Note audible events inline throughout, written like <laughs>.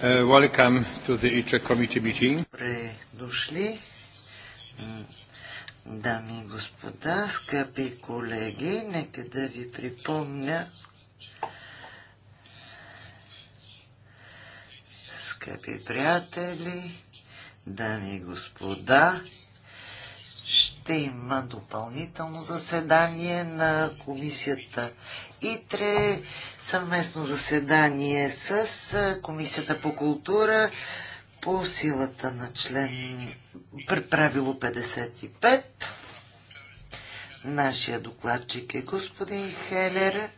Uh, welcome to the ITRE committee meeting. Добре дошли, дами и господа, скъпи колеги. Нека да ви припомня, скъпи приятели, дами и господа, ще има допълнително заседание на комисията ИТРЕ, съвместно заседание с комисията по култура по силата на член правило 55. Нашия докладчик е господин Хелер.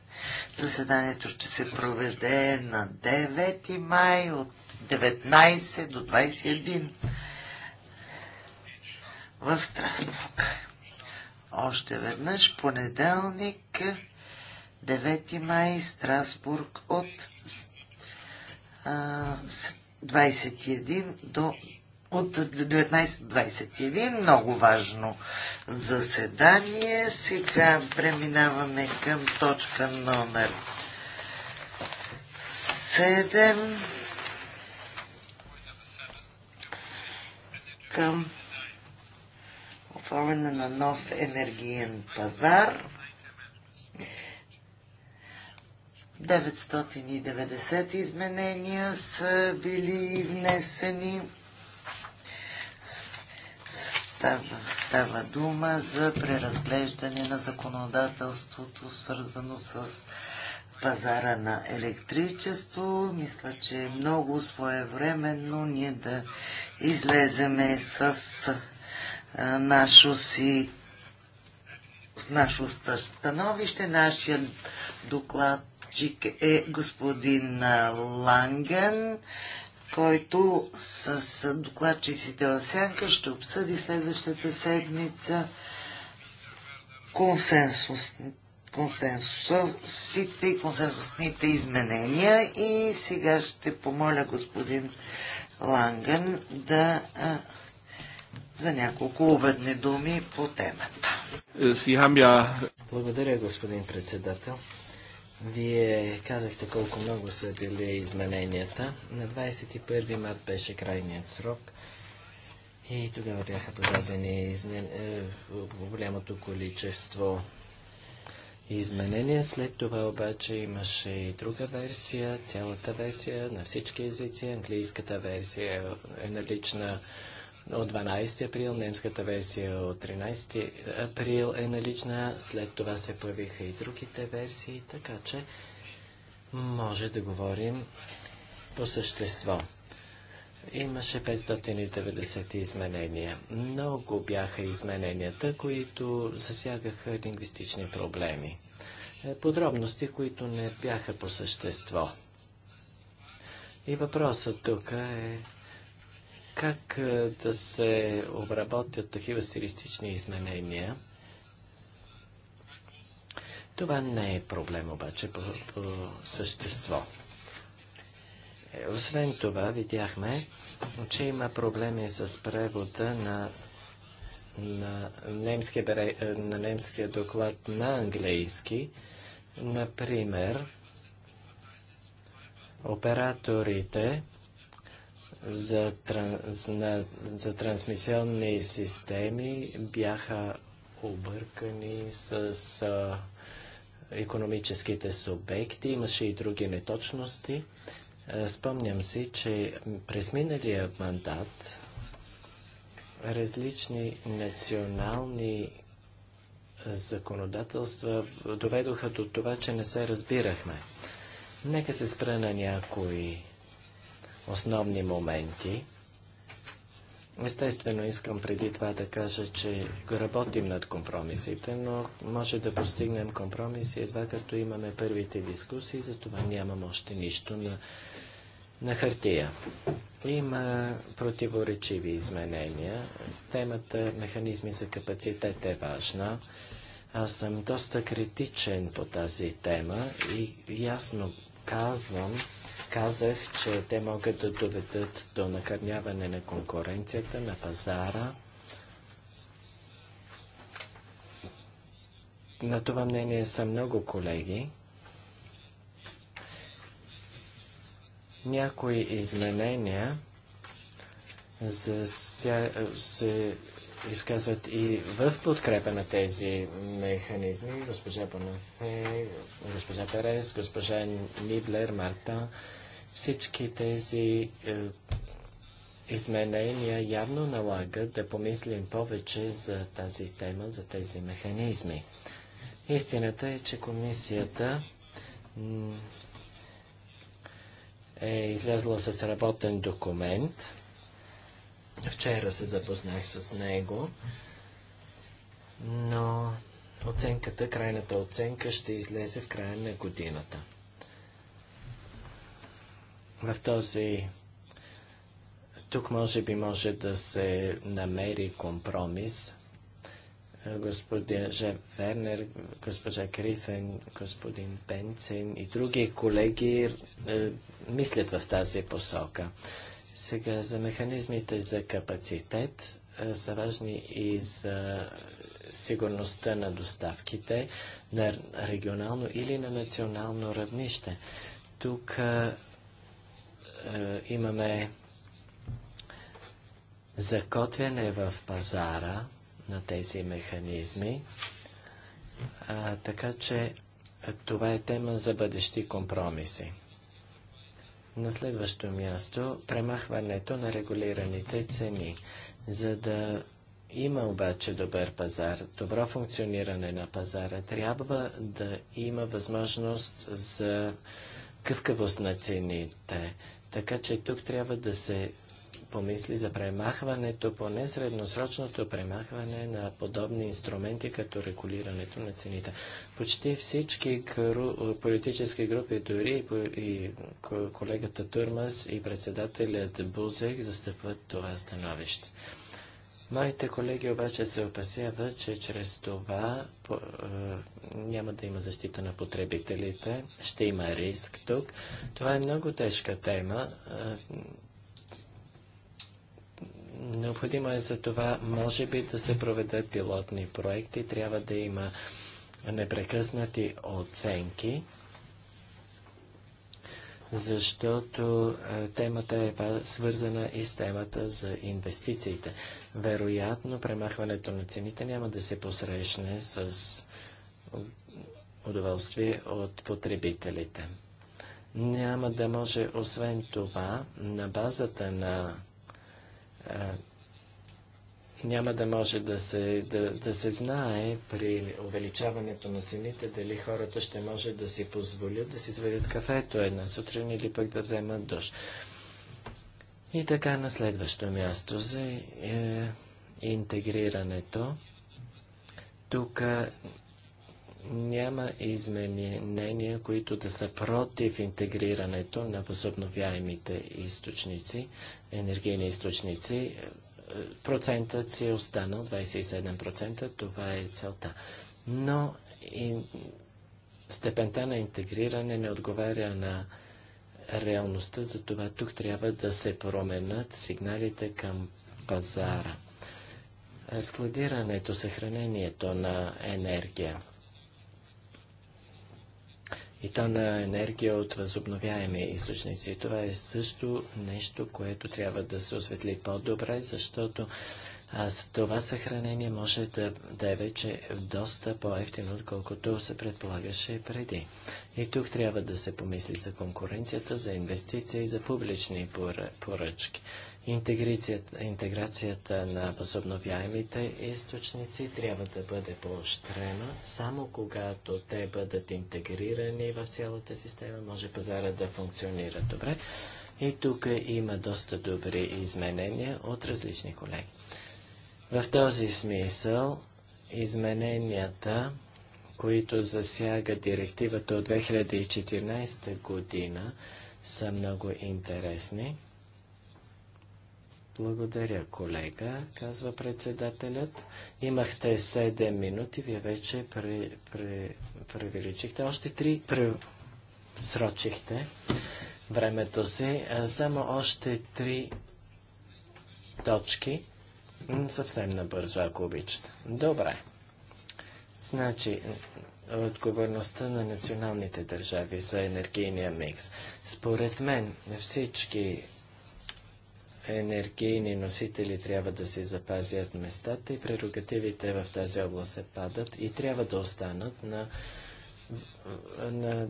Заседанието ще се проведе на 9 май от 19 до 21 в Страсбург. Още веднъж понеделник, 9 май, Страсбург от а, 21 до от 19.21. Много важно заседание. Сега преминаваме към точка номер 7. Към формена на нов енергиен пазар. 990 изменения са били внесени. Става, става дума за преразглеждане на законодателството, свързано с пазара на електричество. Мисля, че е много своевременно ние да излеземе с нашо си нашо становище. Нашият докладчик е господин Ланген, който с докладчиците в сянка ще обсъди следващата седмица консенсус, консенсусите и консенсусните изменения. И сега ще помоля господин Ланген да за няколко уведни думи по темата. Е, Благодаря, господин председател. Вие казахте колко много са били измененията. На 21 март беше крайният срок и тогава бяха подадени измен... Е, голямото количество изменения. След това обаче имаше и друга версия, цялата версия на всички езици. Английската версия е налична от 12 април, немската версия от 13 април е налична, след това се появиха и другите версии, така че може да говорим по същество. Имаше 590 изменения. Много бяха измененията, които засягаха лингвистични проблеми. Е, подробности, които не бяха по същество. И въпросът тук е как е, да се обработят такива стилистични изменения. Това не е проблем обаче по, по същество. Е, освен това, видяхме, че има проблеми с превода на, на, немския, е, на немския доклад на английски. Например, операторите за, транс, на, за трансмисионни системи бяха объркани с а, економическите субекти. Имаше и други неточности. А, спомням си, че през миналия мандат различни национални законодателства доведоха до това, че не се разбирахме. Нека се спра на някои основни моменти. Естествено, искам преди това да кажа, че работим над компромисите, но може да постигнем компромиси едва като имаме първите дискусии, затова нямам още нищо на, на хартия. Има противоречиви изменения. Темата механизми за капацитет е важна. Аз съм доста критичен по тази тема и ясно казвам, казах, че те могат да доведат до накърняване на конкуренцията на пазара. На това мнение са много колеги. Някои изменения ся... се изказват и в подкрепа на тези механизми. Госпожа Бонафе, госпожа Перес, госпожа Ниблер, Марта, всички тези е, изменения явно налагат да помислим повече за тази тема, за тези механизми. Истината е, че комисията е излязла с работен документ. Вчера се запознах с него, но оценката, крайната оценка ще излезе в края на годината. В този тук може би може да се намери компромис. Е, господин Жев Вернер, госпожа Грифен, господин Пенцин и други колеги е, мислят в тази посока. Сега за механизмите за капацитет е, са важни и за сигурността на доставките на регионално или на национално равнище. Тук е, е, имаме закотвяне в пазара на тези механизми, а, така че е, това е тема за бъдещи компромиси. На следващо място премахването на регулираните цени. За да има обаче добър пазар, добро функциониране на пазара, трябва да има възможност за къвкавост на цените. Така че тук трябва да се помисли за премахването, поне средносрочното премахване на подобни инструменти, като регулирането на цените. Почти всички гру... политически групи, дори и колегата Турмас и председателят Бузех застъпват това становище. Моите колеги обаче се опасяват, че чрез това по, е, няма да има защита на потребителите, ще има риск тук. Това е много тежка тема. Е, необходимо е за това, може би, да се проведат пилотни проекти, трябва да има непрекъснати оценки защото е, темата е свързана и с темата за инвестициите. Вероятно, премахването на цените няма да се посрещне с удоволствие от потребителите. Няма да може, освен това, на базата на е, няма да може да се, да, да се знае при увеличаването на цените дали хората ще може да си позволят да си сварят кафето една сутрин или пък да вземат душ. И така на следващо място за е, интегрирането. Тук няма изменения, които да са против интегрирането на възобновяемите източници, енергийни източници процентът си е останал 27%, това е целта. Но и степента на интегриране не отговаря на реалността, затова тук трябва да се променят сигналите към пазара. Складирането, съхранението на енергия и то на енергия от възобновяеми източници. Това е също нещо, което трябва да се осветли по-добре, защото а за това съхранение може да, да е вече доста по-ефтино, отколкото се предполагаше преди. И тук трябва да се помисли за конкуренцията, за инвестиции и за публични поръчки. Интеграцията, интеграцията на възобновяемите източници трябва да бъде поощрена. Само когато те бъдат интегрирани в цялата система, може пазара да функционира добре. И тук има доста добри изменения от различни колеги. В този смисъл измененията, които засяга директивата от 2014 година, са много интересни. Благодаря, колега, казва председателят. Имахте 7 минути, вие вече превеличихте още 3, пресрочихте времето си. Само още 3 точки. Съвсем набързо, ако обичате. Добре. Значи, отговорността на националните държави за енергийния микс. Според мен всички енергийни носители трябва да си запазят местата и прерогативите в тази област се падат и трябва да останат на, на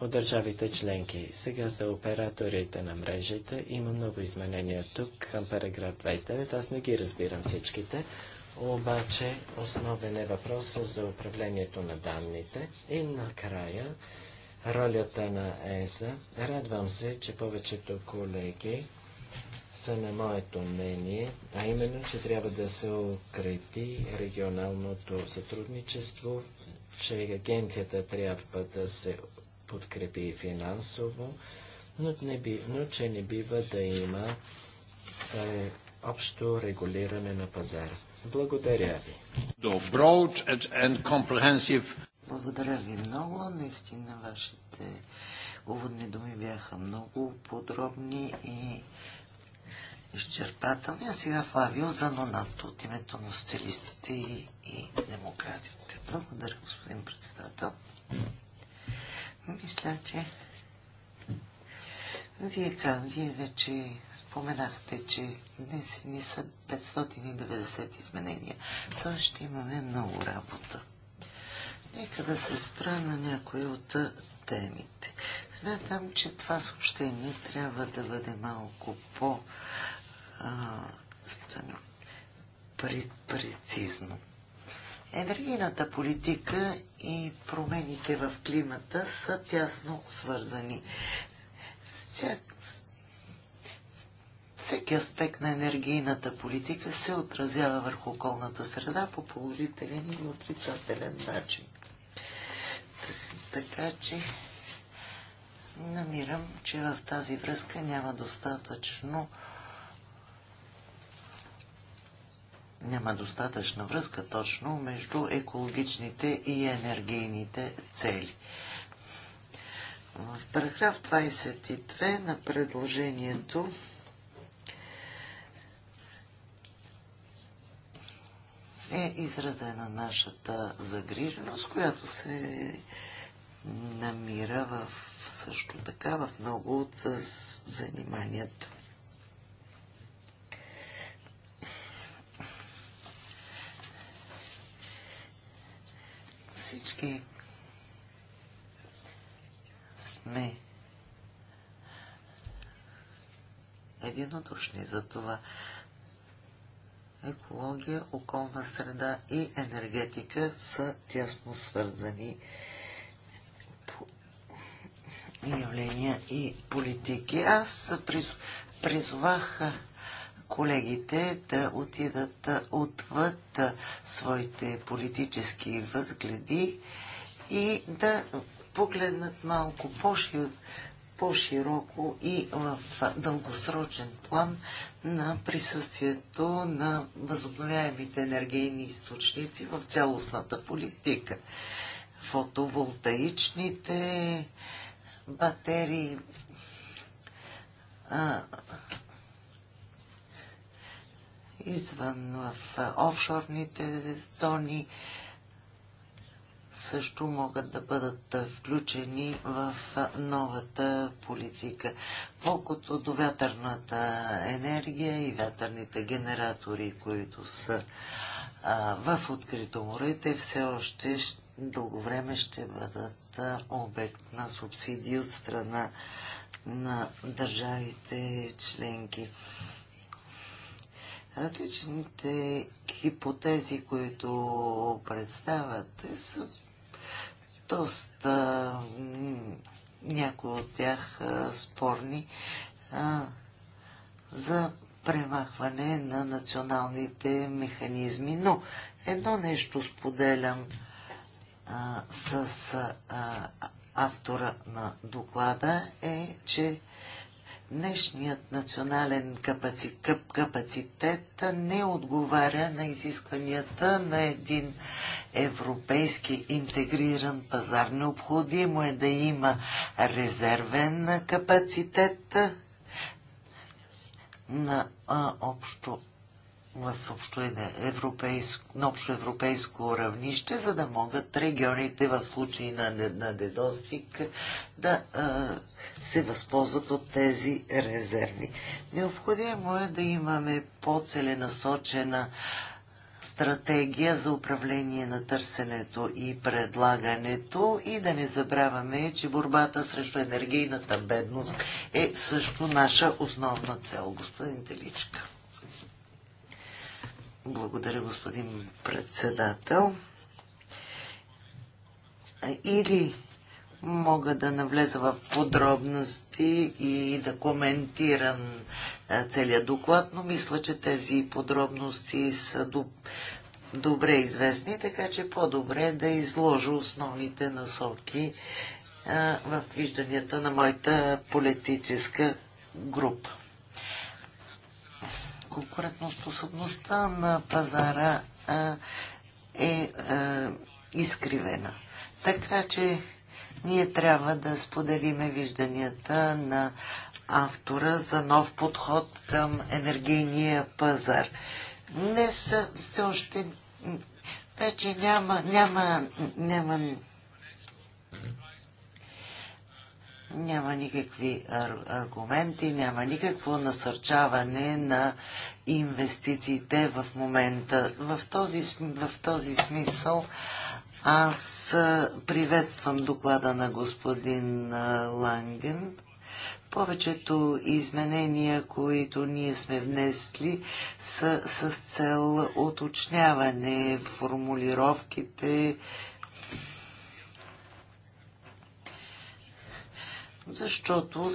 от държавите членки. Сега за операторите на мрежите има много изменения тук към параграф 29. Аз не ги разбирам всичките, обаче основен е въпросът за управлението на данните и накрая ролята на ЕСА. Радвам се, че повечето колеги са на моето мнение, а именно, че трябва да се укрепи регионалното сътрудничество, че агенцията трябва да се подкрепи финансово, но, не би, но че не бива да има е, общо регулиране на пазара. Благодаря ви. Благодаря ви много. Наистина вашите уводни думи бяха много подробни и изчерпателни. А сега Флавио за Нонато от името на социалистите и, и демократите. Благодаря, господин председател. Мисля, че вие, вие вече споменахте, че днес ни са 590 изменения. Тоест ще имаме много работа. Нека да се спра на някои от темите. Смятам, че това съобщение трябва да бъде малко по прецизно. Енергийната политика и промените в климата са тясно свързани. Всеки аспект на енергийната политика се отразява върху околната среда по положителен и отрицателен начин. Така че намирам, че в тази връзка няма достатъчно няма достатъчна връзка точно между екологичните и енергийните цели. В параграф 22 на предложението е изразена нашата загриженост, която се намира в също така в много от заниманията. всички сме единодушни за това. Екология, околна среда и енергетика са тясно свързани явления и политики. Аз призовах колегите да отидат отвъд своите политически възгледи и да погледнат малко по-широко и в дългосрочен план на присъствието на възобновяемите енергийни източници в цялостната политика. Фотоволтаичните батерии, извън в офшорните зони също могат да бъдат включени в новата политика. Колкото до вятърната енергия и вятърните генератори, които са а, в открито море, те все още дълго време ще бъдат обект на субсидии от страна на държавите членки. Различните хипотези, които представяте, са доста някои от тях спорни за премахване на националните механизми. Но едно нещо споделям а, с а, автора на доклада е, че Днешният национален капацитет не отговаря на изискванията на един европейски интегриран пазар. Необходимо е да има резервен капацитет на общо в общо европейско, на общо европейско равнище, за да могат регионите в случай на, на дедостик да а, се възползват от тези резерви. Необходимо е да имаме по-целенасочена стратегия за управление на търсенето и предлагането и да не забравяме, че борбата срещу енергийната бедност е също наша основна цел, господин Теличка. Благодаря, господин председател. Или мога да навлеза в подробности и да коментирам е, целият доклад, но мисля, че тези подробности са добре известни, така че по-добре да изложа основните насоки е, в вижданията на моята политическа група конкурентоспособността на пазара е изкривена. Така че ние трябва да споделиме вижданията на автора за нов подход към енергийния пазар. Днес все още вече няма, няма, няма няма никакви аргументи, няма никакво насърчаване на инвестициите в момента. В този, в този смисъл аз приветствам доклада на господин Ланген. Повечето изменения, които ние сме внесли, са с цел уточняване формулировките, защото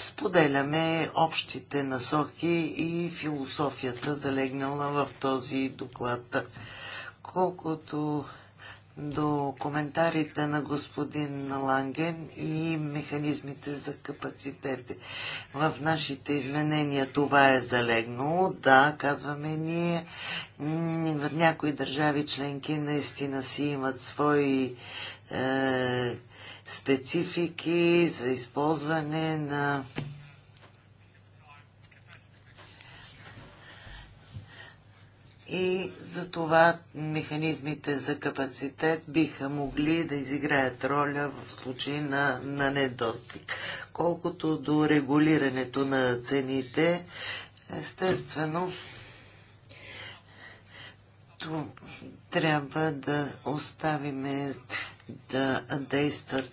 споделяме общите насоки и философията, залегнала в този доклад. Колкото до коментарите на господин Ланген и механизмите за капацитети. В нашите изменения това е залегнало. Да, казваме ние, в някои държави членки наистина си имат свои е, специфики за използване на и за това механизмите за капацитет биха могли да изиграят роля в случай на, на недостиг. Колкото до регулирането на цените, естествено, трябва да оставиме да действат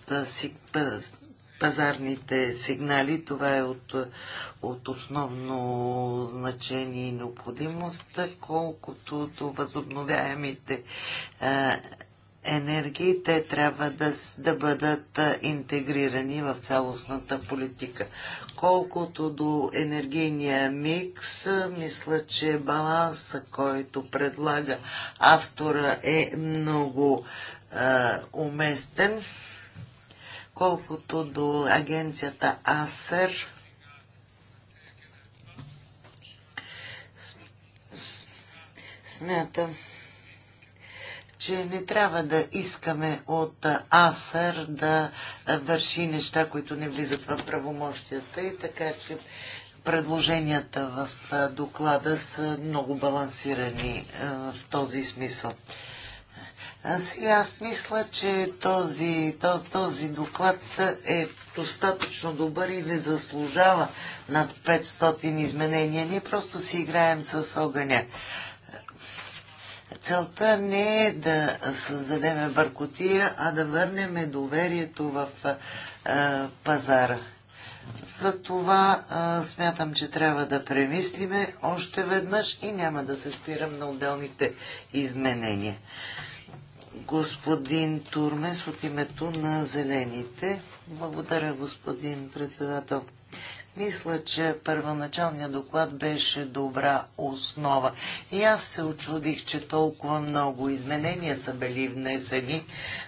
пазарните сигнали. Това е от, от основно значение и необходимост, колкото до възобновяемите енергии, те трябва да, да бъдат интегрирани в цялостната политика. Колкото до енергийния микс, мисля, че баланса, който предлага автора е много а, е, уместен. Колкото до агенцията АСЕР, смятам, че не трябва да искаме от АСЕР да върши неща, които не влизат в правомощията и така, че предложенията в доклада са много балансирани е, в този смисъл. Сега аз мисля, че този, този доклад е достатъчно добър и не заслужава над 500 изменения. Ние просто си играем с огъня. Целта не е да създадем бъркотия, а да върнем доверието в а, пазара. Затова а, смятам, че трябва да премислиме още веднъж и няма да се спирам на отделните изменения господин Турмес от името на Зелените. Благодаря, господин председател. Мисля, че първоначалният доклад беше добра основа. И аз се очудих, че толкова много изменения са били внесени,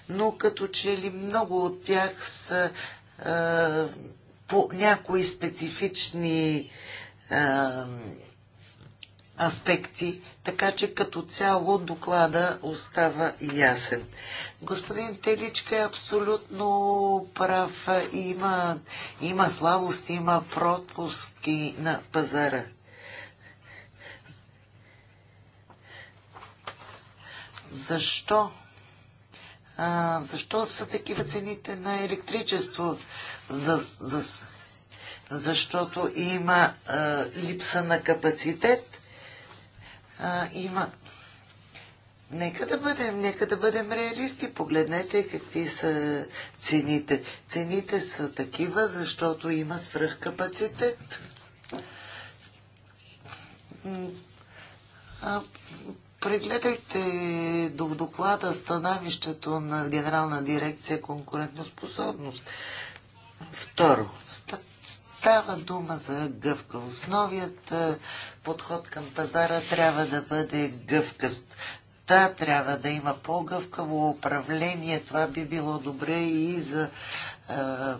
но като че ли много от тях са е, по някои специфични е, аспекти, така че като цяло доклада остава ясен. Господин Теличка е абсолютно прав. Има, има слабост, има пропуски на пазара. Защо? А, защо са такива цените на електричество? За, за, защото има а, липса на капацитет а, има. Нека да бъдем, нека да бъдем реалисти. Погледнете какви са цените. Цените са такива, защото има свръхкапацитет. А, прегледайте до доклада становището на Генерална дирекция конкурентоспособност. Второ, Става дума за гъвка. Основият е, подход към пазара трябва да бъде гъвкаст. Та трябва да има по-гъвкаво управление. Това би било добре и за е,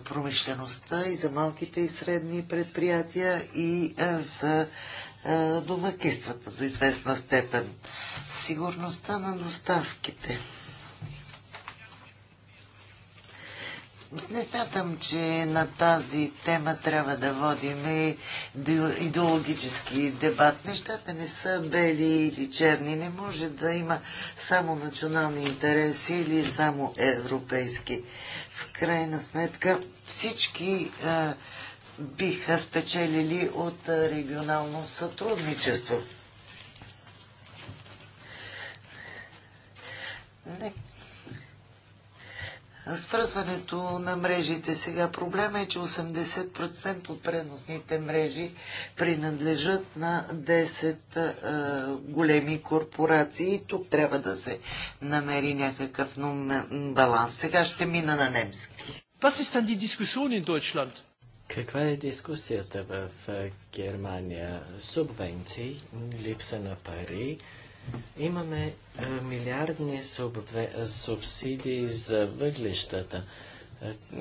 промишлеността, и за малките и средни предприятия, и е, за домакинствата до известна степен. Сигурността на доставките – не смятам, че на тази тема трябва да водим идеологически дебат. Нещата не са бели или черни. Не може да има само национални интереси или само европейски. В крайна сметка всички а, биха спечелили от регионално сътрудничество. Нека свързването на мрежите. Сега проблема е, че 80% от преносните мрежи принадлежат на 10 е, големи корпорации и тук трябва да се намери някакъв баланс. Сега ще мина на немски. Was ist dann die Diskussion in Deutschland? Каква е дискусията в Германия? Субвенции, липса на пари, Имаме милиардни субве, субсидии за въглищата.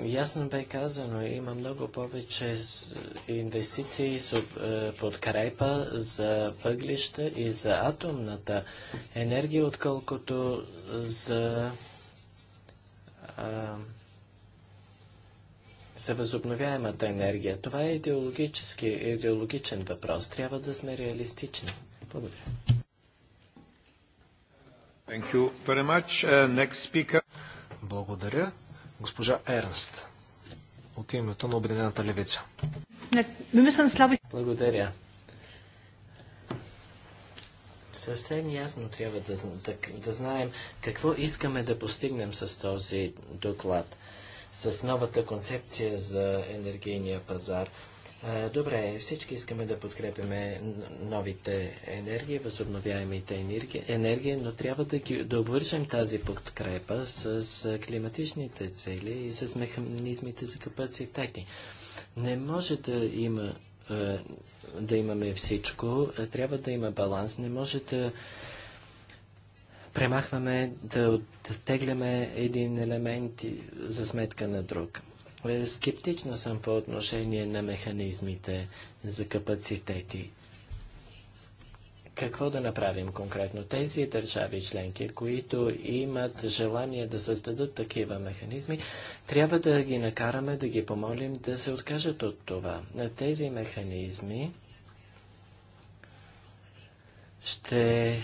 ясно бе казано, има много повече инвестиции и подкрепа за въглища и за атомната енергия, отколкото за за възобновяемата енергия. Това е идеологически, идеологичен въпрос. Трябва да сме реалистични. Благодаря. Thank you very much. Uh, next speaker. Благодаря. Госпожа Ернст от името на Обединената левица. Благодаря. Съвсем ясно трябва да, да, да знаем какво искаме да постигнем с този доклад, с новата концепция за енергийния пазар. Добре, всички искаме да подкрепяме новите енергии, възобновяемите енергии, но трябва да, ги, да обвържем тази подкрепа с, с климатичните цели и с механизмите за капацитети. Не може да има да имаме всичко, трябва да има баланс, не може да премахваме, да оттегляме един елемент за сметка на друг. Е, Скептично съм по отношение на механизмите за капацитети. Какво да направим конкретно? Тези държави членки, които имат желание да създадат такива механизми, трябва да ги накараме, да ги помолим да се откажат от това. На тези механизми ще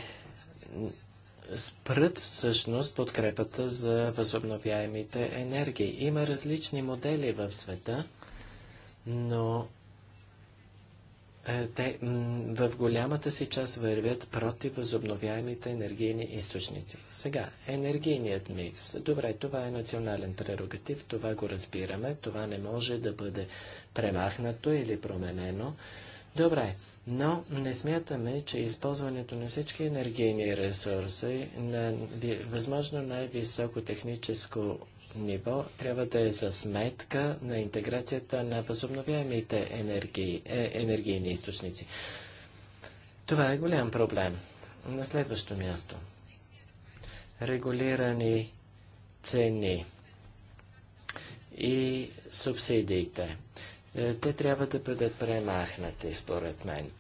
спрат всъщност подкрепата за възобновяемите енергии. Има различни модели в света, но е, те в голямата си част вървят против възобновяемите енергийни източници. Сега, енергийният микс. Добре, това е национален прерогатив, това го разбираме, това не може да бъде премахнато или променено. Добре, но не смятаме, че използването на всички енергийни ресурси на възможно най-високо техническо ниво трябва да е за сметка на интеграцията на възобновяемите енергии, е, енергийни източници. Това е голям проблем. На следващо място. Регулирани цени и субсидиите. Е, те трябва да бъдат премахнати, според мен.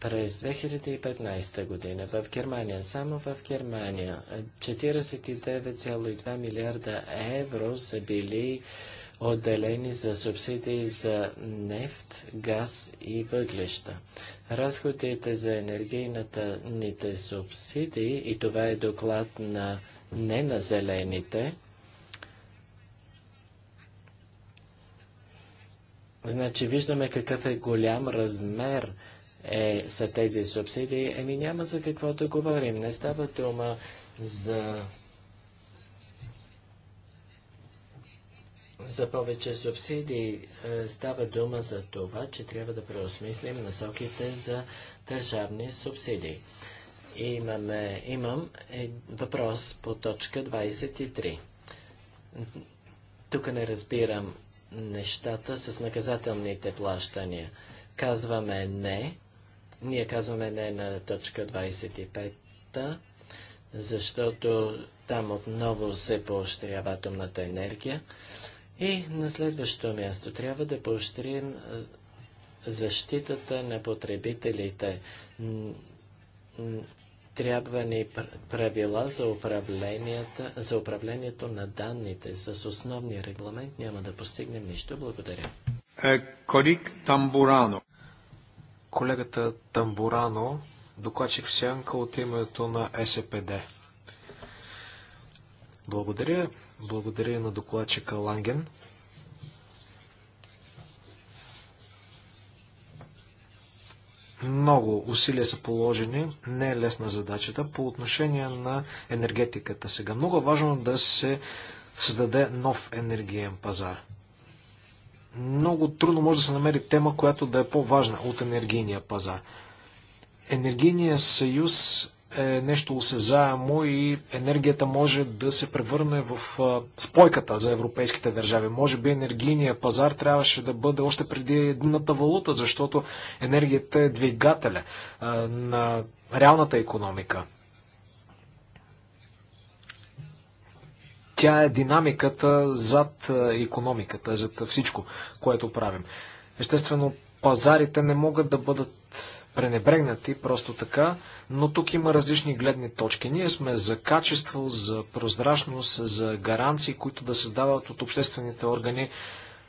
През 2015 година в Германия, само в Германия, 49,2 е, милиарда евро са били отделени за субсидии за нефт, газ и въглеща. Разходите за енергийната ните субсидии, и това е доклад на не на зелените, Значи виждаме какъв е голям размер е, са тези субсидии. Еми няма за какво да говорим. Не става дума за за повече субсидии. Е, става дума за това, че трябва да преосмислим насоките за държавни субсидии. Имаме, имам е, въпрос по точка 23. Тук не разбирам нещата с наказателните плащания. Казваме не. Ние казваме не на точка 25, защото там отново се поощрява атомната енергия. И на следващо място трябва да поощрим защитата на потребителите трябва ни правила за, за управлението на данните. С основния регламент няма да постигнем нищо. Благодаря. Е, Колик Тамбурано. Колегата Тамбурано, докладчик в сянка от името на СПД. Благодаря. Благодаря на докладчика Ланген. Много усилия са положени, не е лесна задачата по отношение на енергетиката. Сега много важно да се създаде нов енергиен пазар. Много трудно може да се намери тема, която да е по-важна от енергийния пазар. Енергийният съюз е нещо осезаемо и енергията може да се превърне в спойката за европейските държави. Може би енергийния пазар трябваше да бъде още преди едната валута, защото енергията е двигателя на реалната економика. Тя е динамиката зад економиката, зад всичко, което правим. Естествено, пазарите не могат да бъдат пренебрегнати просто така, но тук има различни гледни точки. Ние сме за качество, за прозрачност, за гаранции, които да се дават от обществените органи.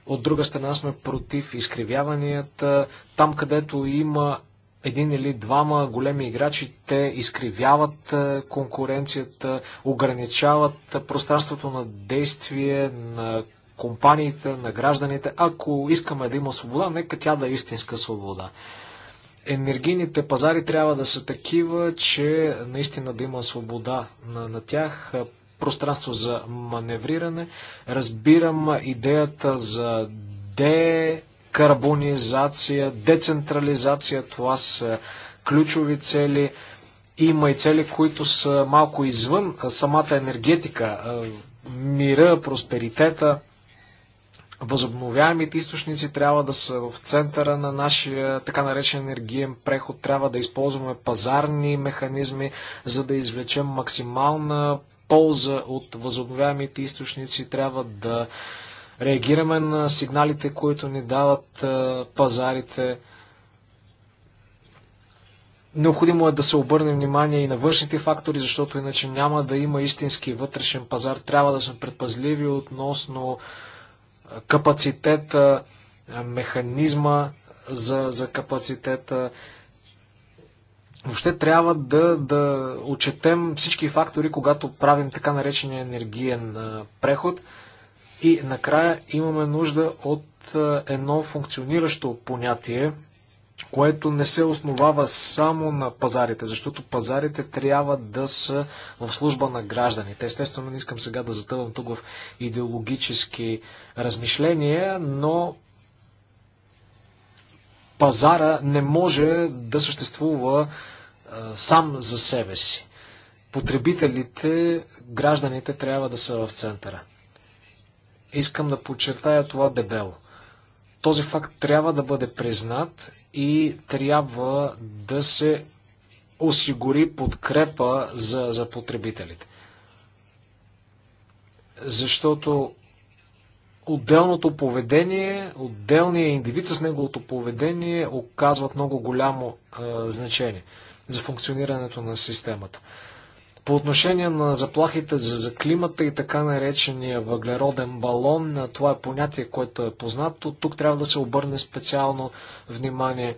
От друга страна сме против изкривяванията. Там, където има един или двама големи играчи, те изкривяват е, конкуренцията, ограничават пространството на действие на компаниите, на гражданите. Ако искаме да има свобода, нека тя да е истинска свобода енергийните пазари трябва да са такива, че наистина да има свобода на, на тях, пространство за маневриране. Разбирам идеята за декарбонизация, децентрализация. Това са ключови цели. Има и цели, които са малко извън самата енергетика, мира, просперитета. Възобновяемите източници трябва да са в центъра на нашия така наречен енергиен преход. Трябва да използваме пазарни механизми, за да извлечем максимална полза от възобновяемите източници. Трябва да реагираме на сигналите, които ни дават пазарите. Необходимо е да се обърне внимание и на външните фактори, защото иначе няма да има истински вътрешен пазар. Трябва да сме предпазливи относно капацитета, механизма за, за капацитета. Въобще трябва да, да отчетем всички фактори, когато правим така наречения енергиен преход. И накрая имаме нужда от едно функциониращо понятие което не се основава само на пазарите, защото пазарите трябва да са в служба на гражданите. Естествено, не искам сега да затъвам тук в идеологически размишления, но пазара не може да съществува сам за себе си. Потребителите, гражданите трябва да са в центъра. Искам да подчертая това дебело. Този факт трябва да бъде признат и трябва да се осигури подкрепа за, за потребителите. Защото отделното поведение, отделния индивид с неговото поведение оказват много голямо а, значение за функционирането на системата. По отношение на заплахите за, за климата и така наречения въглероден балон, това е понятие, което е познато. Тук трябва да се обърне специално внимание.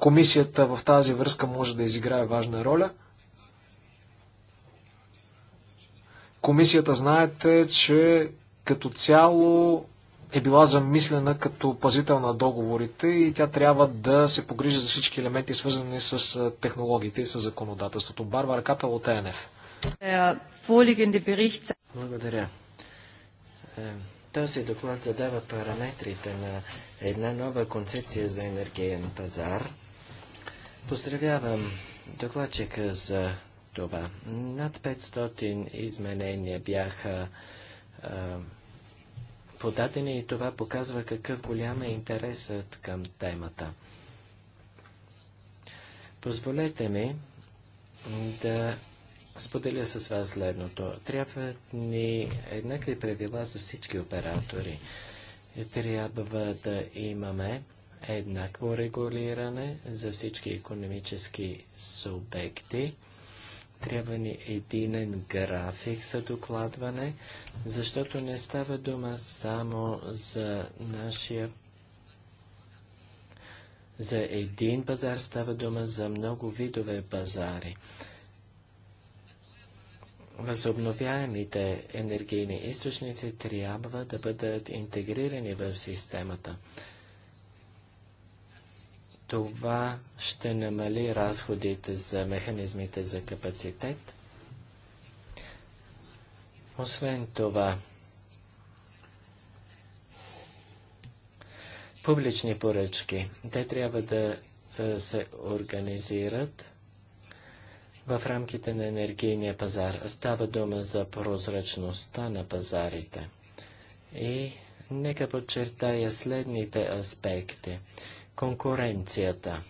Комисията в тази връзка може да изиграе важна роля. Комисията, знаете, че като цяло е била замислена като пазител на договорите и тя трябва да се погрижи за всички елементи, свързани с технологиите и с законодателството. Барбара Капел от ЕНФ. Е, Благодаря. Е, този доклад задава параметрите на една нова концепция за енергиен пазар. Поздравявам докладчика за това. Над 500 изменения бяха е, подадени и това показва какъв голям е интересът към темата. Позволете ми да споделя с вас следното. Трябват ни еднакви правила за всички оператори. Трябва да имаме еднакво регулиране за всички економически субекти. Трябва ни единен график за докладване, защото не става дума само за нашия за един пазар става дума за много видове пазари. Възобновяемите енергийни източници трябва да бъдат интегрирани в системата. Това ще намали разходите за механизмите за капацитет. Освен това, публични поръчки, те трябва да се организират в рамките на енергийния пазар. Става дума за прозрачността на пазарите. И нека подчертая следните аспекти. Конкуренцията,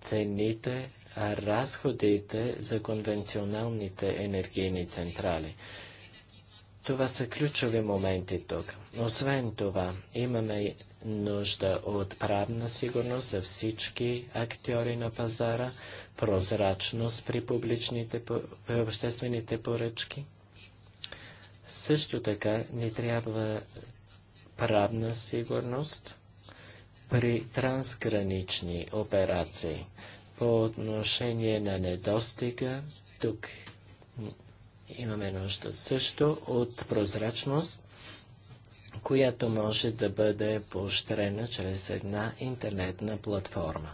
цените, разходите за конвенционалните енергийни централи. Това са ключови моменти тук. Освен това, имаме нужда от правна сигурност за всички актьори на пазара, прозрачност при публичните, при обществените поръчки. Също така ни трябва правна сигурност при трансгранични операции. По отношение на недостига, тук имаме нужда също от прозрачност която може да бъде поощрена чрез една интернетна платформа.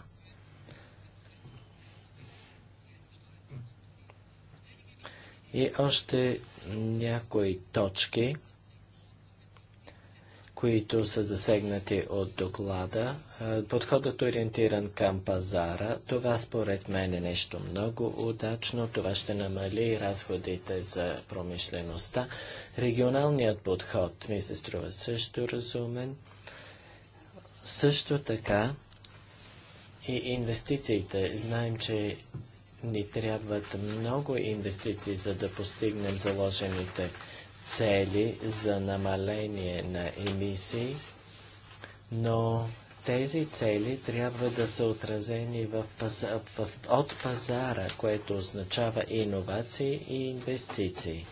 И още някои точки – които са засегнати от доклада. Подходът е ориентиран към пазара, това според мен е нещо много удачно. Това ще намали разходите за промишлеността. Регионалният подход ми се струва също разумен. Също така и инвестициите. Знаем, че ни трябват много инвестиции, за да постигнем заложените цели за намаление на емисии, но тези цели трябва да са отразени в, паза, в, от пазара, което означава иновации и инвестиции.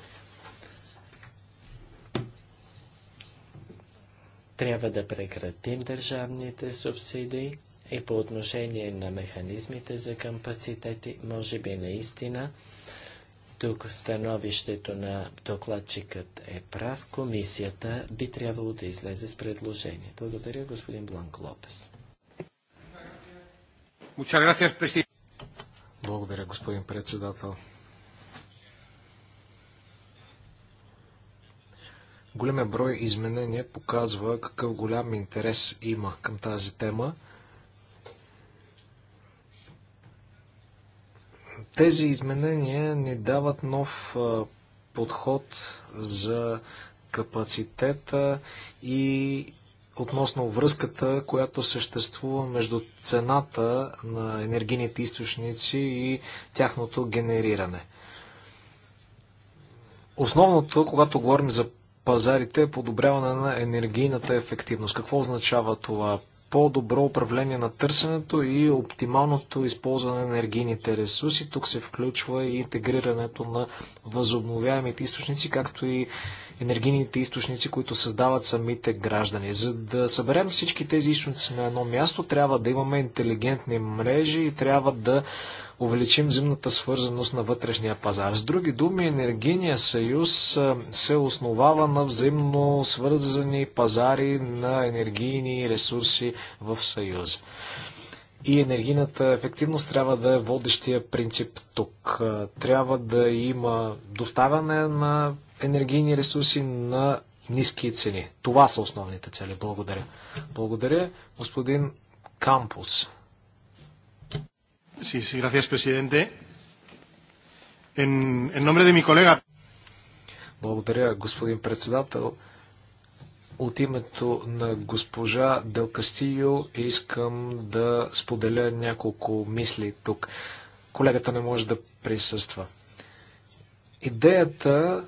Трябва да прекратим държавните субсидии и по отношение на механизмите за капацитети, може би наистина тук становището на докладчикът е прав. Комисията би трябвало да излезе с предложение. Благодаря, господин Бланк Лопес. Благодаря, господин председател. Големия брой изменения показва какъв голям интерес има към тази тема. Тези изменения ни дават нов подход за капацитета и относно връзката, която съществува между цената на енергийните източници и тяхното генериране. Основното, когато говорим за пазарите, е подобряване на енергийната ефективност. Какво означава това? по-добро управление на търсенето и оптималното използване на енергийните ресурси. Тук се включва и интегрирането на възобновяемите източници, както и енергийните източници, които създават самите граждани. За да съберем всички тези източници на едно място, трябва да имаме интелигентни мрежи и трябва да увеличим зимната свързаност на вътрешния пазар. С други думи, енергийния съюз се основава на взаимно свързани пазари на енергийни ресурси в съюз. И енергийната ефективност трябва да е водещия принцип тук. Трябва да има доставяне на енергийни ресурси на ниски цени. Това са основните цели. Благодаря. Благодаря, господин Кампус. Sí, sí, gracias, presidente. En, en nombre de mi colega. Благодаря, господин председател. От името на госпожа Дел Кастио искам да споделя няколко мисли тук. Колегата не може да присъства. Идеята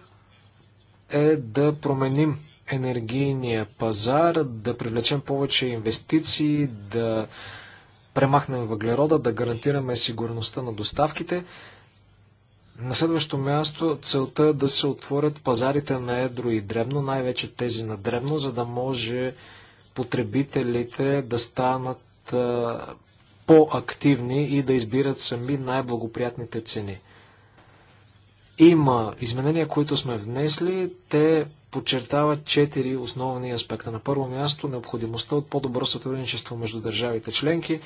е да променим енергийния пазар, да привлечем повече инвестиции, да премахнем въглерода, да гарантираме сигурността на доставките. На следващо място целта е да се отворят пазарите на едро и дребно, най-вече тези на дребно, за да може потребителите да станат по-активни и да избират сами най-благоприятните цени. Има изменения, които сме внесли. Те подчертава четири основни аспекта. На първо място необходимостта от по-добро сътрудничество между държавите членки,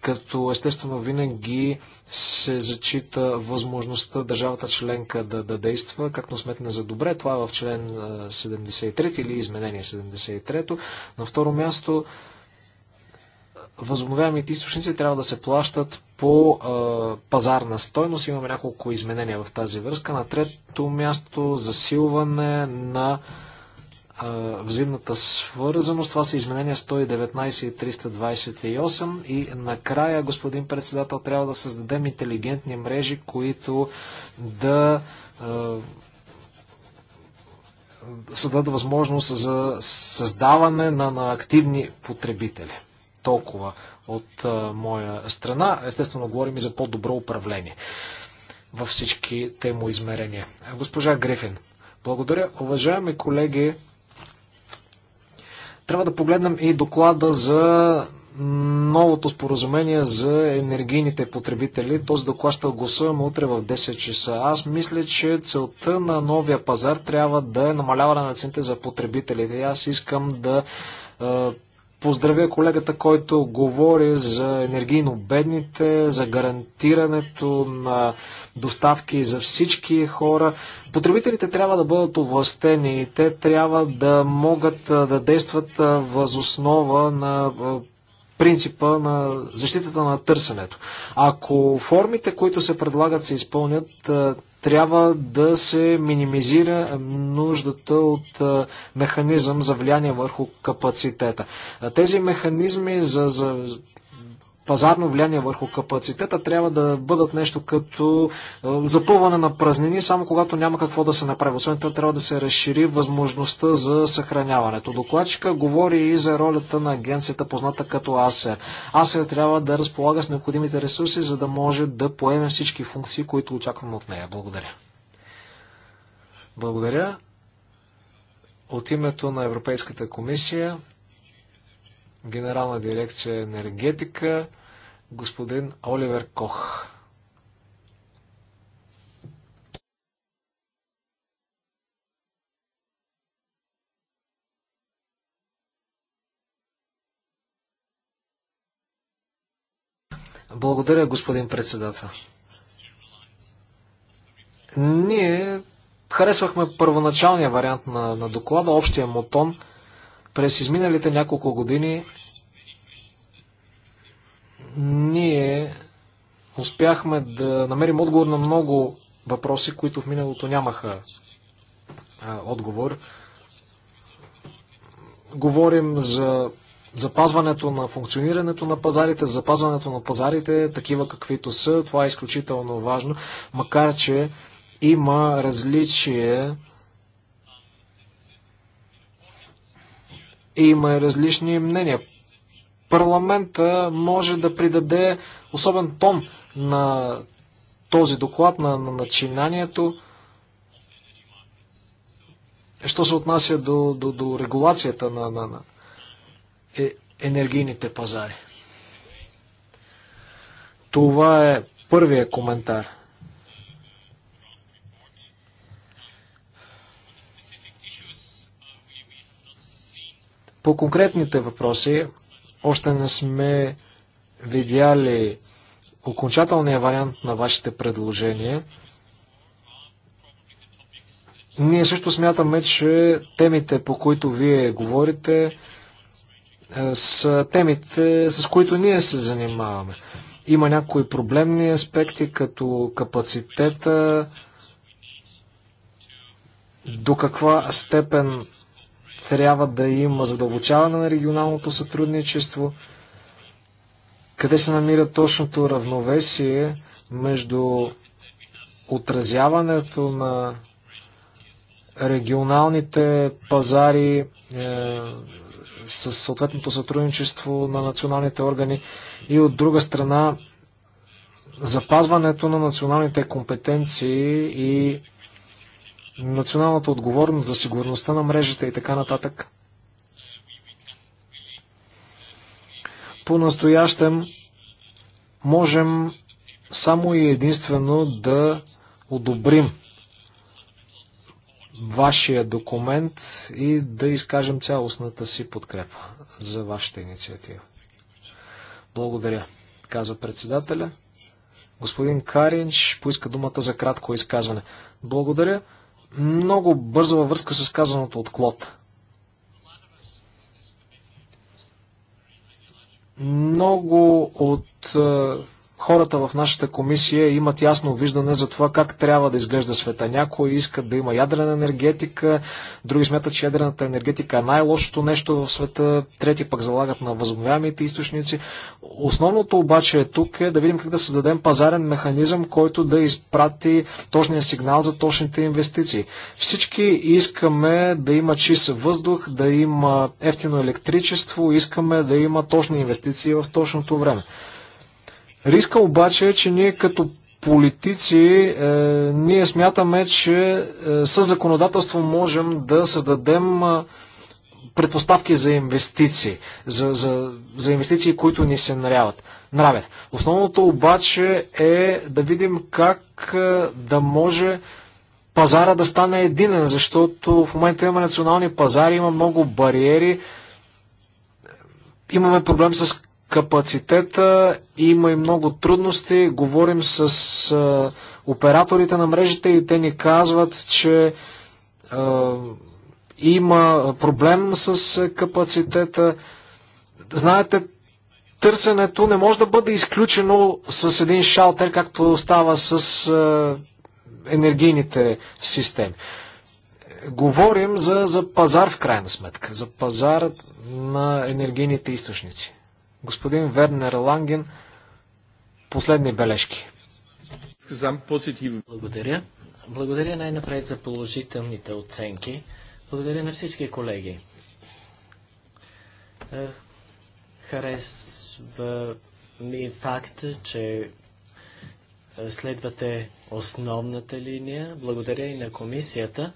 като естествено винаги се зачита възможността държавата членка да, да действа, както сметне за добре. Това е в член 73 или изменение 73. -то. На второ място възобновяемите източници трябва да се плащат по а, пазарна стойност. Имаме няколко изменения в тази връзка. На трето място засилване на а, взаимната свързаност. Това са изменения 119 и 328. И накрая, господин председател, трябва да създадем интелигентни мрежи, които да а, създадат възможност за създаване на, на активни потребители толкова от моя страна. Естествено, говорим и за по-добро управление във всички те му измерения. Госпожа Грифин, благодаря. Уважаеми колеги, трябва да погледнем и доклада за новото споразумение за енергийните потребители. Този доклад ще гласуваме утре в 10 часа. Аз мисля, че целта на новия пазар трябва да е намаляване на цените за потребителите. Аз искам да поздравя колегата, който говори за енергийно бедните, за гарантирането на доставки за всички хора. Потребителите трябва да бъдат овластени и те трябва да могат да действат възоснова на принципа на защитата на търсенето. Ако формите, които се предлагат, се изпълнят, трябва да се минимизира нуждата от механизъм за влияние върху капацитета. Тези механизми за, за пазарно влияние върху капацитета трябва да бъдат нещо като е, запълване на празнини, само когато няма какво да се направи. Освен това трябва да се разшири възможността за съхраняването. Докладчика говори и за ролята на агенцията, позната като АСЕР. АСЕР трябва да разполага с необходимите ресурси, за да може да поеме всички функции, които очакваме от нея. Благодаря. Благодаря. От името на Европейската комисия Генерална дирекция енергетика, господин Оливер Кох. Благодаря, господин председател. Ние харесвахме първоначалния вариант на, на доклада, общия му тон – през изминалите няколко години ние успяхме да намерим отговор на много въпроси, които в миналото нямаха а, отговор. Говорим за запазването на функционирането на пазарите, запазването на пазарите, такива каквито са. Това е изключително важно, макар че има различие Има и различни мнения. Парламента може да придаде особен тон на този доклад, на, на начинанието. Що се отнася до, до, до регулацията на, на, на е, енергийните пазари. Това е първия коментар – По конкретните въпроси още не сме видяли окончателния вариант на вашите предложения. Ние също смятаме, че темите, по които вие говорите, е, са темите, с които ние се занимаваме. Има някои проблемни аспекти, като капацитета, до каква степен трябва да има задълбочаване на регионалното сътрудничество. Къде се намира точното равновесие между отразяването на регионалните пазари е, с съответното сътрудничество на националните органи и от друга страна запазването на националните компетенции и националната отговорност за сигурността на мрежата и така нататък. По-настоящем можем само и единствено да одобрим вашия документ и да изкажем цялостната си подкрепа за вашата инициатива. Благодаря, казва председателя. Господин Каринч поиска думата за кратко изказване. Благодаря. Много бърза във връзка с казаното от Клод. Много от хората в нашата комисия имат ясно виждане за това как трябва да изглежда света. Някои искат да има ядрена енергетика, други смятат, че ядрената енергетика е най-лошото нещо в света, трети пък залагат на възобновяемите източници. Основното обаче е тук е да видим как да създадем пазарен механизъм, който да изпрати точния сигнал за точните инвестиции. Всички искаме да има чист въздух, да има ефтино електричество, искаме да има точни инвестиции в точното време. Риска обаче е, че ние като политици е, ние смятаме, че е, със законодателство можем да създадем е, предпоставки за инвестиции, за, за, за инвестиции, които ни се наряват, нравят. Основното обаче е да видим как е, да може пазара да стане единен, защото в момента имаме национални пазари, има много бариери, имаме проблем с капацитета, има и много трудности. Говорим с а, операторите на мрежите и те ни казват, че а, има проблем с а, капацитета. Знаете, търсенето не може да бъде изключено с един шалтер, както става с а, енергийните системи. Говорим за, за пазар в крайна сметка, за пазар на енергийните източници. Господин Вернер Ланген, последни бележки. Благодаря. Благодаря най-напред за положителните оценки. Благодаря на всички колеги. Е, харесва ми факта, че е, следвате основната линия. Благодаря и на комисията.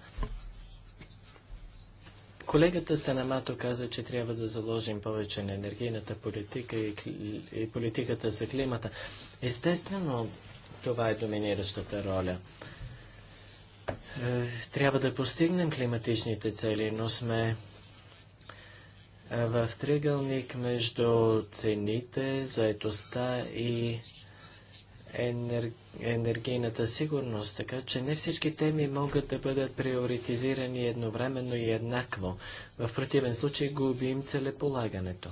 Колегата Санамато каза, че трябва да заложим повече на енергийната политика и, и политиката за климата. Естествено, това е доминиращата роля. Е, трябва да постигнем климатичните цели, но сме е, в тригълник между цените, заетостта и енер... енергийната сигурност, така че не всички теми могат да бъдат приоритизирани едновременно и еднакво. В противен случай губим целеполагането.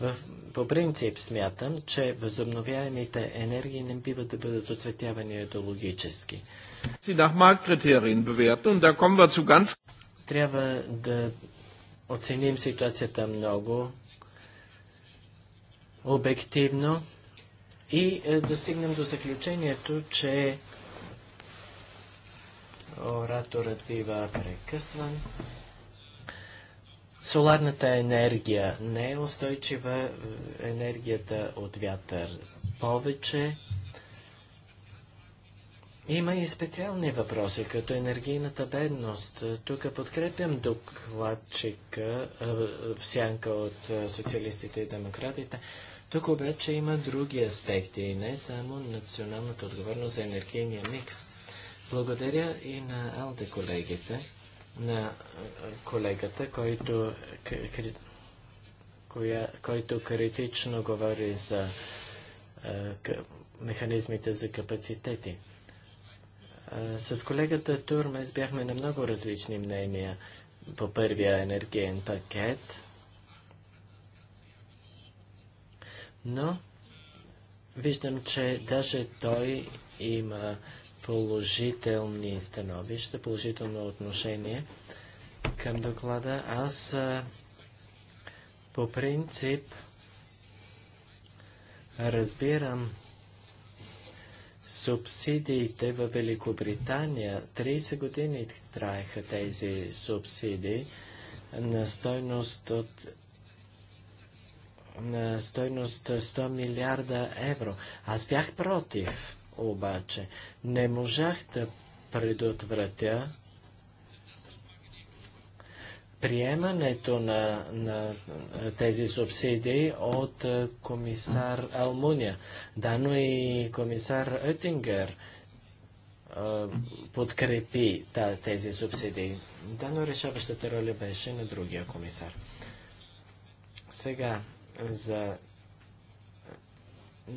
В... По принцип смятам, че възобновяемите енергии не бива да бъдат оцветявани идеологически. Трябва да оценим ситуацията много обективно и е, да стигнем до заключението, че ораторът бива прекъсван. Соларната енергия не е устойчива, е, енергията от вятър повече. Има и специални въпроси, като енергийната бедност. Тук подкрепям докладчика е, в сянка от социалистите и демократите. Тук обаче има други аспекти и не само националната отговорност за енергийния микс. Благодаря и на Алде колегите, на колегата, който, коя, който критично говори за механизмите за капацитети. с колегата Турмес бяхме на много различни мнения по първия енергиен пакет – но виждам, че даже той има положителни становища, положително отношение към доклада. Аз по принцип разбирам субсидиите в Великобритания. 30 години траеха тези субсидии на стойност от на стойност 100 милиарда евро. Аз бях против, обаче не можах да предотвратя приемането на, на тези субсидии от комисар Алмуния. Да, но и комисар Оттингер подкрепи да, тези субсидии. Да, но решаващата роля беше на другия комисар. Сега, за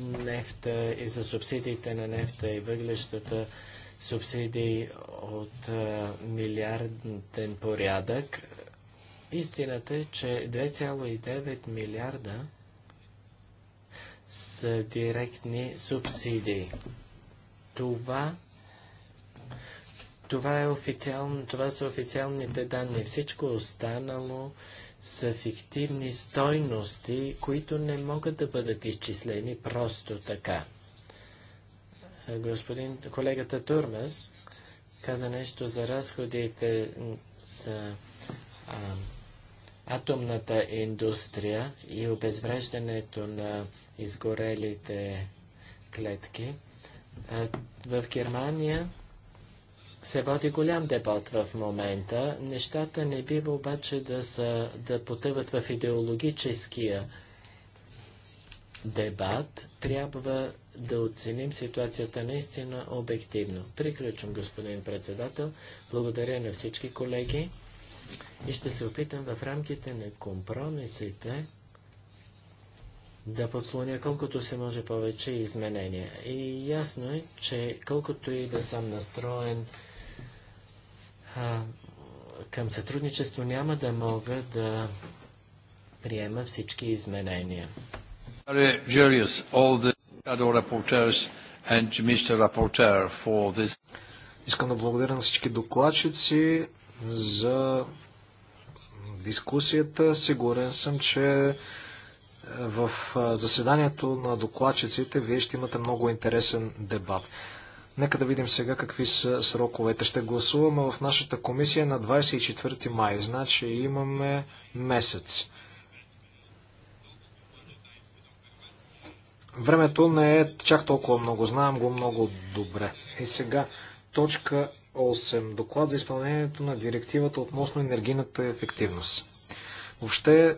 нефта и за субсидиите на нефта и въглещата субсидии от милиарден порядък. Истината е, че 2,9 милиарда са директни субсидии. Това, това, е официално, това са официалните данни. Всичко останало са фиктивни стойности, които не могат да бъдат изчислени просто така. Господин колегата Турмас каза нещо за разходите за а, атомната индустрия и обезвреждането на изгорелите клетки. А, в Германия се води голям дебат в момента. Нещата не бива обаче да, са, да потъват в идеологическия дебат. Трябва да оценим ситуацията наистина обективно. Приключвам, господин председател. Благодаря на всички колеги и ще се опитам в рамките на компромисите да подслоня колкото се може повече изменения. И ясно е, че колкото и да съм настроен към сътрудничество няма да мога да приема всички изменения. Искам да благодаря на всички докладчици за дискусията. Сигурен съм, че е, в е, заседанието на докладчиците вие ще имате много интересен дебат. Нека да видим сега какви са сроковете. Ще гласуваме в нашата комисия на 24 май, значи имаме месец. Времето не е чак толкова много, знаем го много добре. И сега точка 8. Доклад за изпълнението на директивата относно енергийната ефективност. Въобще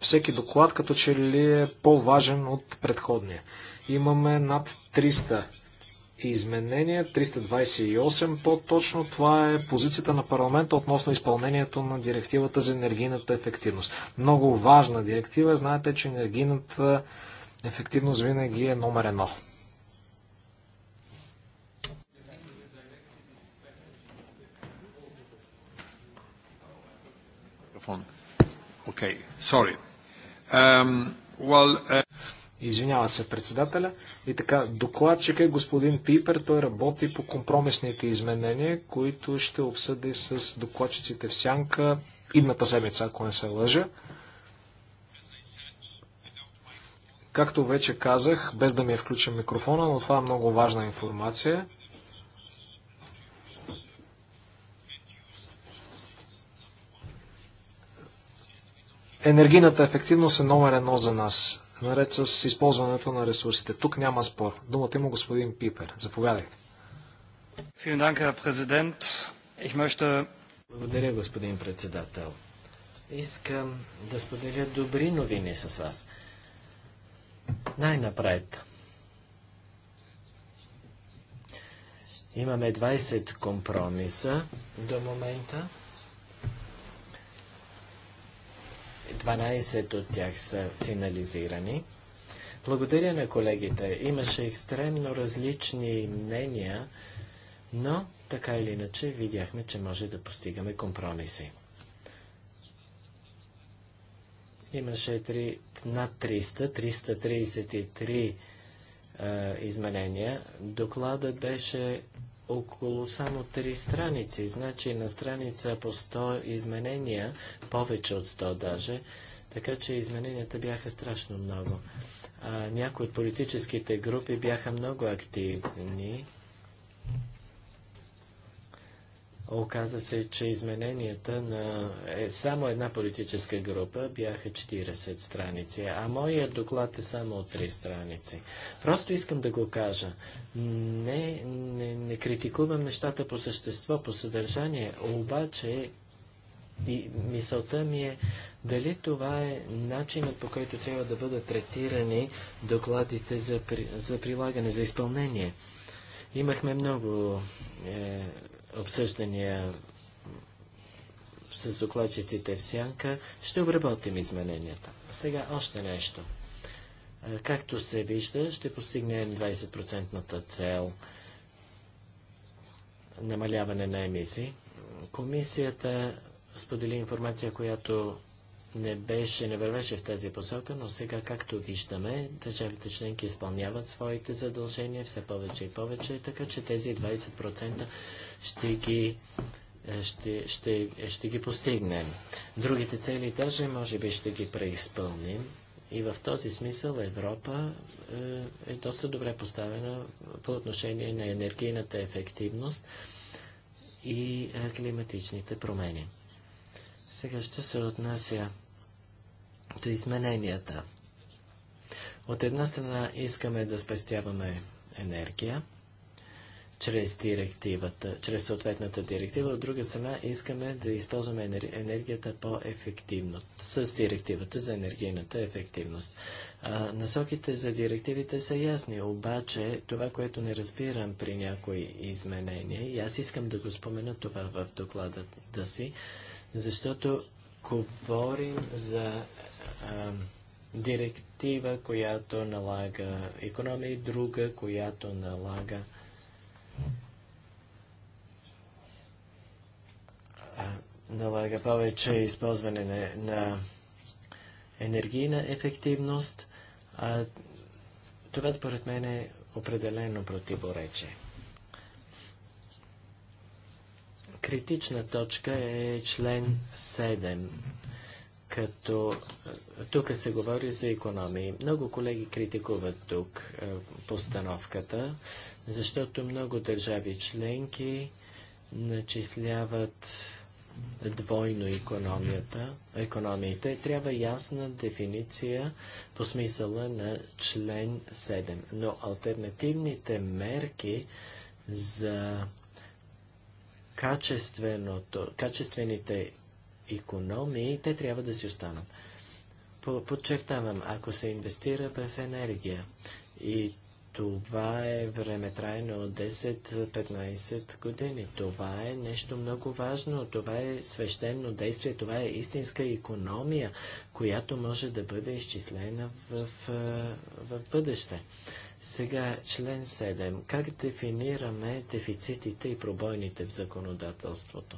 всеки доклад като че ли е по-важен от предходния. Имаме над 300 изменения. 328 по-точно, това е позицията на парламента относно изпълнението на директивата за енергийната ефективност. Много важна директива, знаете, че енергийната ефективност винаги е номер едно. Okay, sorry. Um, well, uh... Извинява се председателя. И така, докладчик е господин Пипер. Той работи по компромисните изменения, които ще обсъди с докладчиците в Сянка идната седмица, ако не се лъжа. Както вече казах, без да ми е включен микрофона, но това е много важна информация. Енергийната ефективност е номер едно за нас наред с използването на ресурсите. Тук няма спор. Думата има господин Пипер. Заповядайте. Благодаря, господин председател. Искам да споделя добри новини с вас. Най-напред. Имаме 20 компромиса до момента. 12 от тях са финализирани. Благодаря на колегите. Имаше екстремно различни мнения, но така или иначе видяхме, че може да постигаме компромиси. Имаше три, над 300, 333 е, изменения. Докладът беше около само три страници, значи на страница по 100 изменения, повече от 100 даже, така че измененията бяха страшно много. А, някои от политическите групи бяха много активни Оказа се, че измененията на е, само една политическа група бяха 40 страници, а моят доклад е само от 3 страници. Просто искам да го кажа. Не, не, не критикувам нещата по същество, по съдържание, обаче и мисълта ми е дали това е начинът по който трябва да бъдат третирани докладите за, при, за прилагане, за изпълнение. Имахме много е, обсъждания с докладчиците в сянка, ще обработим измененията. Сега още нещо. Както се вижда, ще постигнем 20 цел намаляване на емисии. Комисията сподели информация, която не беше, не вървеше в тази посока, но сега, както виждаме, държавите членки изпълняват своите задължения все повече и повече, така че тези 20% ще ги, е, ще, ще, ще ги постигнем. Другите цели даже, може би, ще ги преизпълним. И в този смисъл Европа е, е доста добре поставена по отношение на енергийната ефективност и е, климатичните промени. Сега ще се отнася до измененията. От една страна искаме да спестяваме енергия, чрез директивата, чрез съответната директива. От друга страна, искаме да използваме енергията по-ефективно, с директивата за енергийната ефективност. А, насоките за директивите са ясни, обаче това, което не разбирам при някои изменения, и аз искам да го спомена това в доклада да си, защото говорим за а, директива, която налага и друга, която налага налага повече използване на, на енергийна ефективност, а това според мен е определено противоречие. Критична точка е член 7 като е, тук се говори за економии. Много колеги критикуват тук е, постановката, защото много държави членки начисляват двойно економията, економиите, трябва ясна дефиниция по смисъла на член 7. Но альтернативните мерки за качествените економии, те трябва да си останат. Подчертавам, ако се инвестира в енергия и това е време трайно от 10-15 години. Това е нещо много важно. Това е свещено действие. Това е истинска економия, която може да бъде изчислена в, в, в бъдеще. Сега, член 7. Как дефинираме дефицитите и пробойните в законодателството?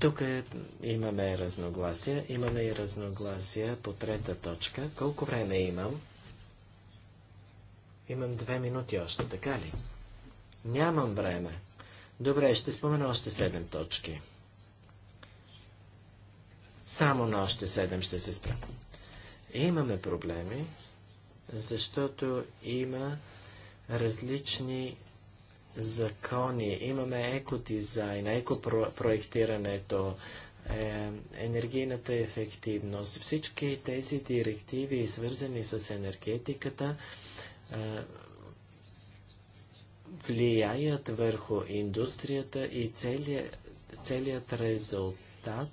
Тук е, имаме разногласия. Имаме и разногласия по трета точка. Колко време имам? Имам две минути още, така ли? Нямам време. Добре, ще спомена още седем точки. Само на още седем ще се спра. Имаме проблеми, защото има различни закони, имаме екодизайн, екопроектирането, е, енергийната ефективност. Всички тези директиви, свързани с енергетиката, е, влияят върху индустрията и целият, резултат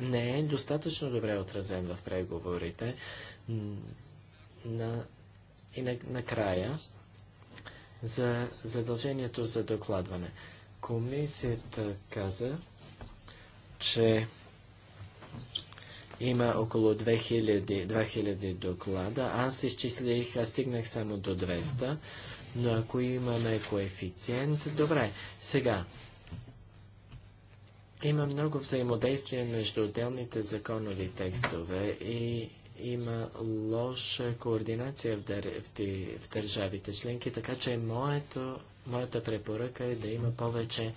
не е достатъчно добре отразен в преговорите. и накрая, на за задължението за докладване. Комисията каза, че има около 2000, 2000 доклада. Аз изчислих, аз стигнах само до 200, но ако имаме коефициент, добре. Сега, има много взаимодействие между отделните законови текстове и има лоша координация в, дър... в, в държавите членки, така че моето, моята препоръка е да има повече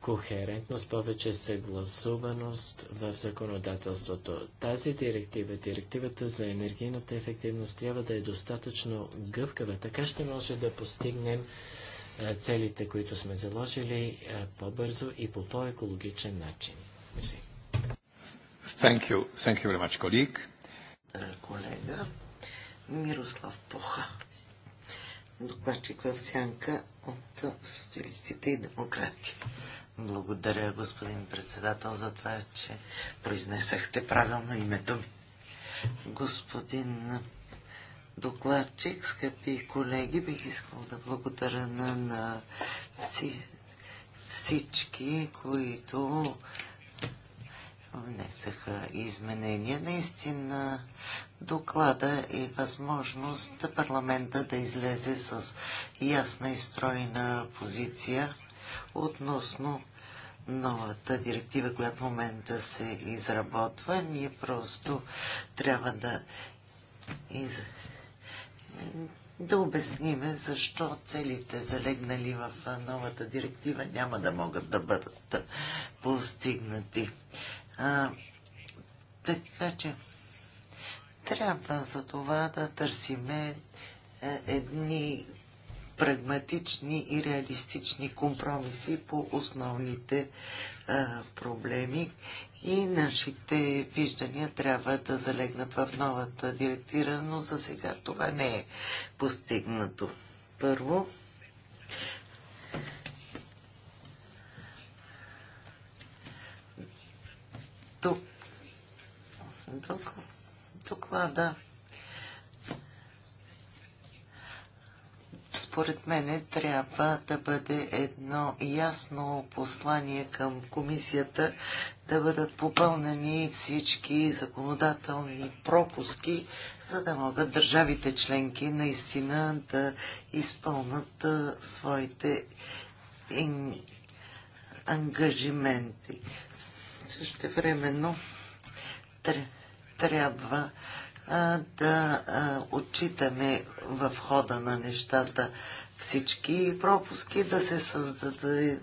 кохерентност, повече съгласуваност в законодателството. Тази директива, директивата за енергийната ефективност, трябва да е достатъчно гъвкава. Така ще може да постигнем целите, които сме заложили по-бързо и по по-екологичен начин. Thank you. Thank you very much, colleague колега Мирослав Поха, докладчик в сянка от социалистите и демократи. Благодаря, господин председател, за това, че произнесахте правилно името ми. Господин докладчик, скъпи колеги, бих искал да благодаря на, на си, всички, които внесаха изменения. Наистина доклада е възможност парламента да излезе с ясна и стройна позиция относно новата директива, която в момента се изработва. Ние просто трябва да из... да обясниме защо целите залегнали в новата директива няма да могат да бъдат постигнати. А, така че трябва за това да търсиме е, едни прагматични и реалистични компромиси по основните а, проблеми и нашите виждания трябва да залегнат в новата директира, но за сега това не е постигнато. Първо, доклада. Според мене трябва да бъде едно ясно послание към комисията да бъдат попълнени всички законодателни пропуски, за да могат държавите членки наистина да изпълнат своите ангажименти. Също времено трябва трябва а, да а, отчитаме в хода на нещата всички пропуски, да се създаде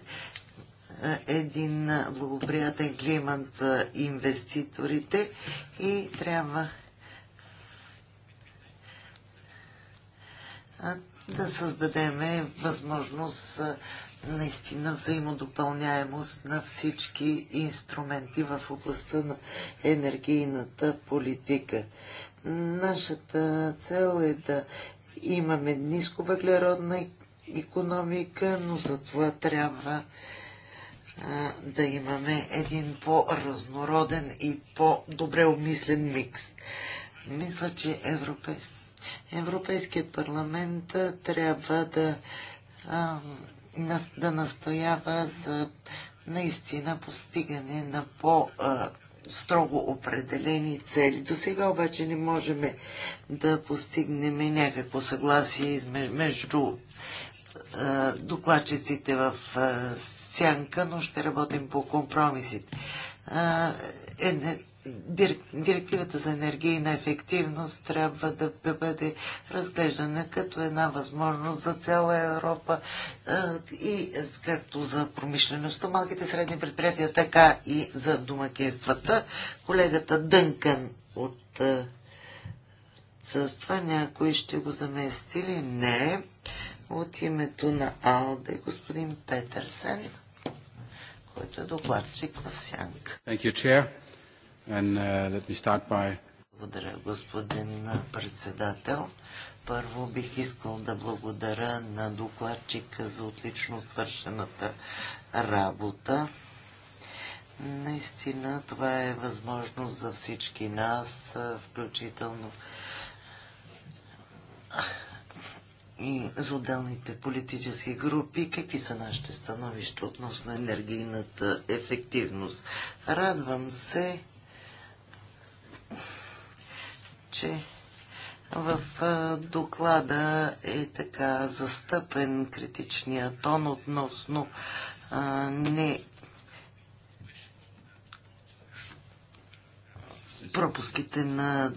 един благоприятен климат за инвеститорите и трябва да създадеме възможност наистина взаимодопълняемост на всички инструменти в областта на енергийната политика. Нашата цел е да имаме ниско въглеродна економика, но за това трябва а, да имаме един по-разнороден и по-добре обмислен микс. Мисля, че Европе... Европейският парламент трябва да да настоява за наистина постигане на по- строго определени цели. До сега обаче не можем да постигнем някакво съгласие между докладчиците в сянка, но ще работим по компромисите. Е, директивата за енергийна ефективност трябва да, да бъде разглеждана като една възможност за цяла Европа и както за промишлеността, малките средни предприятия, така и за домакинствата. Колегата Дънкан от Съства, някой ще го замести ли? Не. От името на Алде, господин Петърсен, който е докладчик в Сянка. Thank you, Chair. Uh, благодаря, господин председател. Първо бих искал да благодаря на докладчика за отлично свършената работа. Наистина това е възможност за всички нас, включително и за отделните политически групи, какви са нашите становища относно енергийната ефективност. Радвам се, че в доклада е така застъпен критичния тон относно а, не пропуските на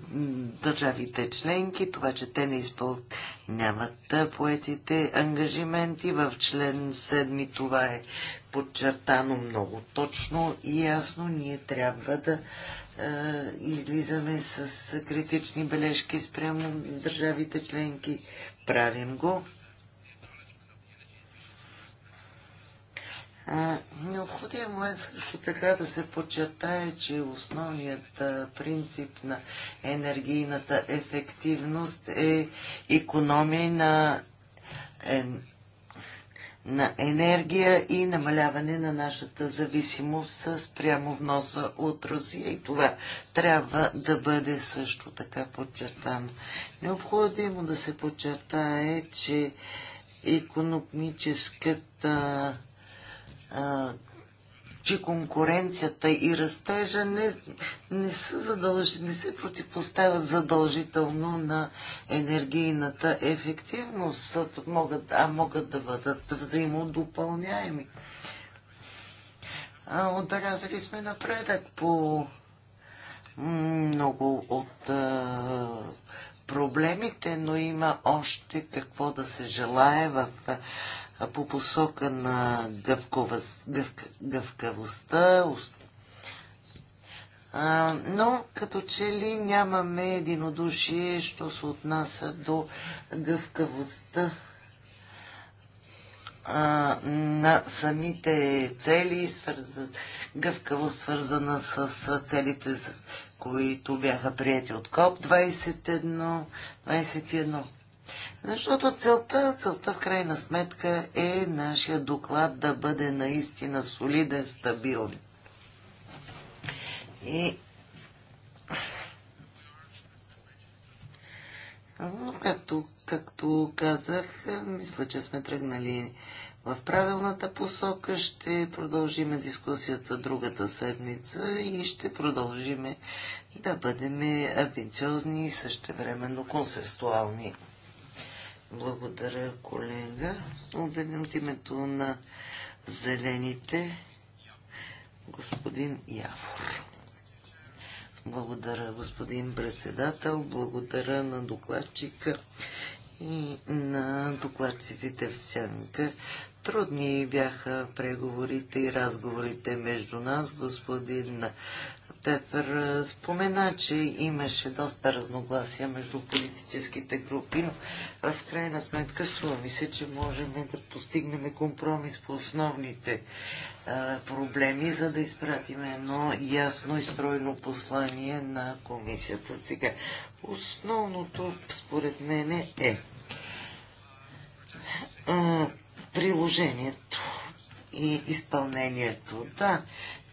държавите членки, това, че те не изпълняват поетите ангажименти. В член 7 това е подчертано много точно и ясно. Ние трябва да е, излизаме с критични бележки спрямо държавите членки. Правим го. Е, необходимо е също така да се подчертае, че основният е, принцип на енергийната ефективност е економия на на енергия и намаляване на нашата зависимост с прямо вноса от Русия. И това трябва да бъде също така подчертано. Необходимо да се подчертае, че економическата че конкуренцията и растежа не, не, са задълж... не се противопоставят задължително на енергийната ефективност, могат, а могат да бъдат взаимодопълняеми. Отбелязали сме напредък по много от а, проблемите, но има още какво да се желае в по посока на гъв, гъвкавостта, но като че ли нямаме единодушие, що се отнася до гъвкавостта а, на самите цели, свързан, гъвкаво свързана с, с целите, с които бяха прияти от КОП 21, 21. Защото целта, целта в крайна сметка е нашия доклад да бъде наистина солиден, стабилен. И както, както казах, мисля, че сме тръгнали в правилната посока. Ще продължиме дискусията другата седмица и ще продължиме да бъдем амбициозни и същевременно консенсуални. Благодаря, колега. От името на зелените, господин Явор. Благодаря, господин председател. Благодаря на докладчика и на докладчиците в сянка. Трудни бяха преговорите и разговорите между нас, господин Петър спомена, че имаше доста разногласия между политическите групи, но в крайна сметка струва ми се, че можем да постигнем компромис по основните а, проблеми, за да изпратим едно ясно и стройно послание на комисията. Сега, основното според мен е а, приложението и изпълнението. Да,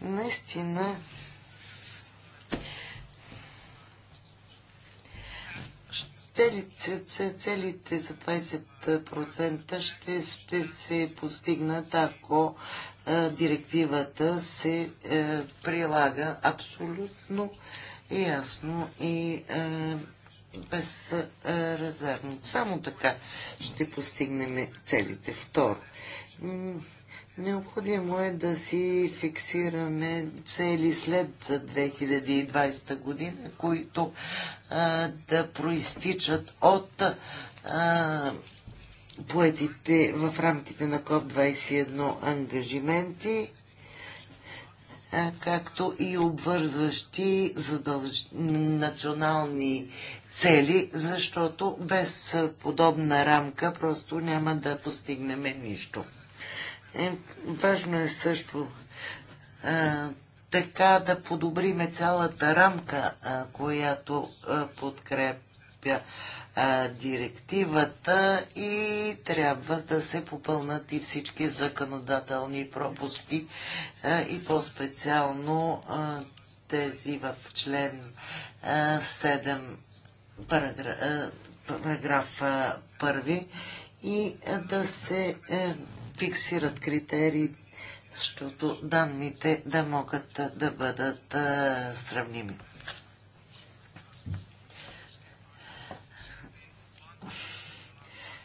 наистина целите, за 20% ще, ще се постигнат, ако а, директивата се а, е, прилага абсолютно ясно и а, е, без е, резервно. Само така ще постигнем целите. Второ, Необходимо е да си фиксираме цели след 2020 година, които а, да проистичат от а, поетите в рамките на КОП-21 ангажименти, а, както и обвързващи задълж... национални цели, защото без подобна рамка просто няма да постигнем нищо. Е, важно е също а, така да подобриме цялата рамка, а, която а, подкрепя а, директивата и трябва да се попълнат и всички законодателни пропуски а, и по-специално тези в член а, 7 параграф, а, параграф и да се е, фиксират критерии, защото данните да могат да бъдат сравними.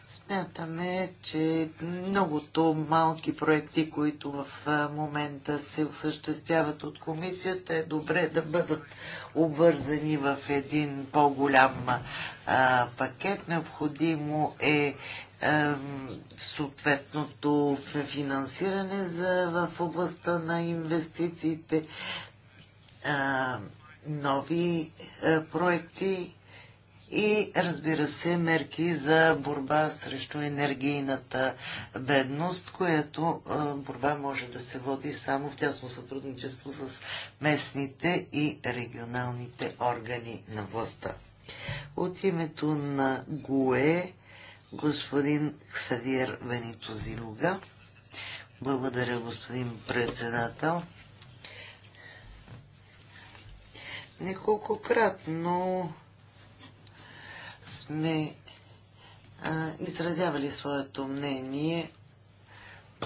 Смятаме, че многото малки проекти, които в момента се осъществяват от комисията, е добре да бъдат обвързани в един по-голям пакет. Необходимо е съответното финансиране за, в областта на инвестициите, а, нови а, е, проекти и разбира се мерки за борба срещу енергийната бедност, която а, е, борба може да се води само в тясно сътрудничество с местните и регионалните органи на властта. От името на ГУЕ господин Ксавиер Венито Зилуга. Благодаря, господин председател. Неколкократно сме а, изразявали своето мнение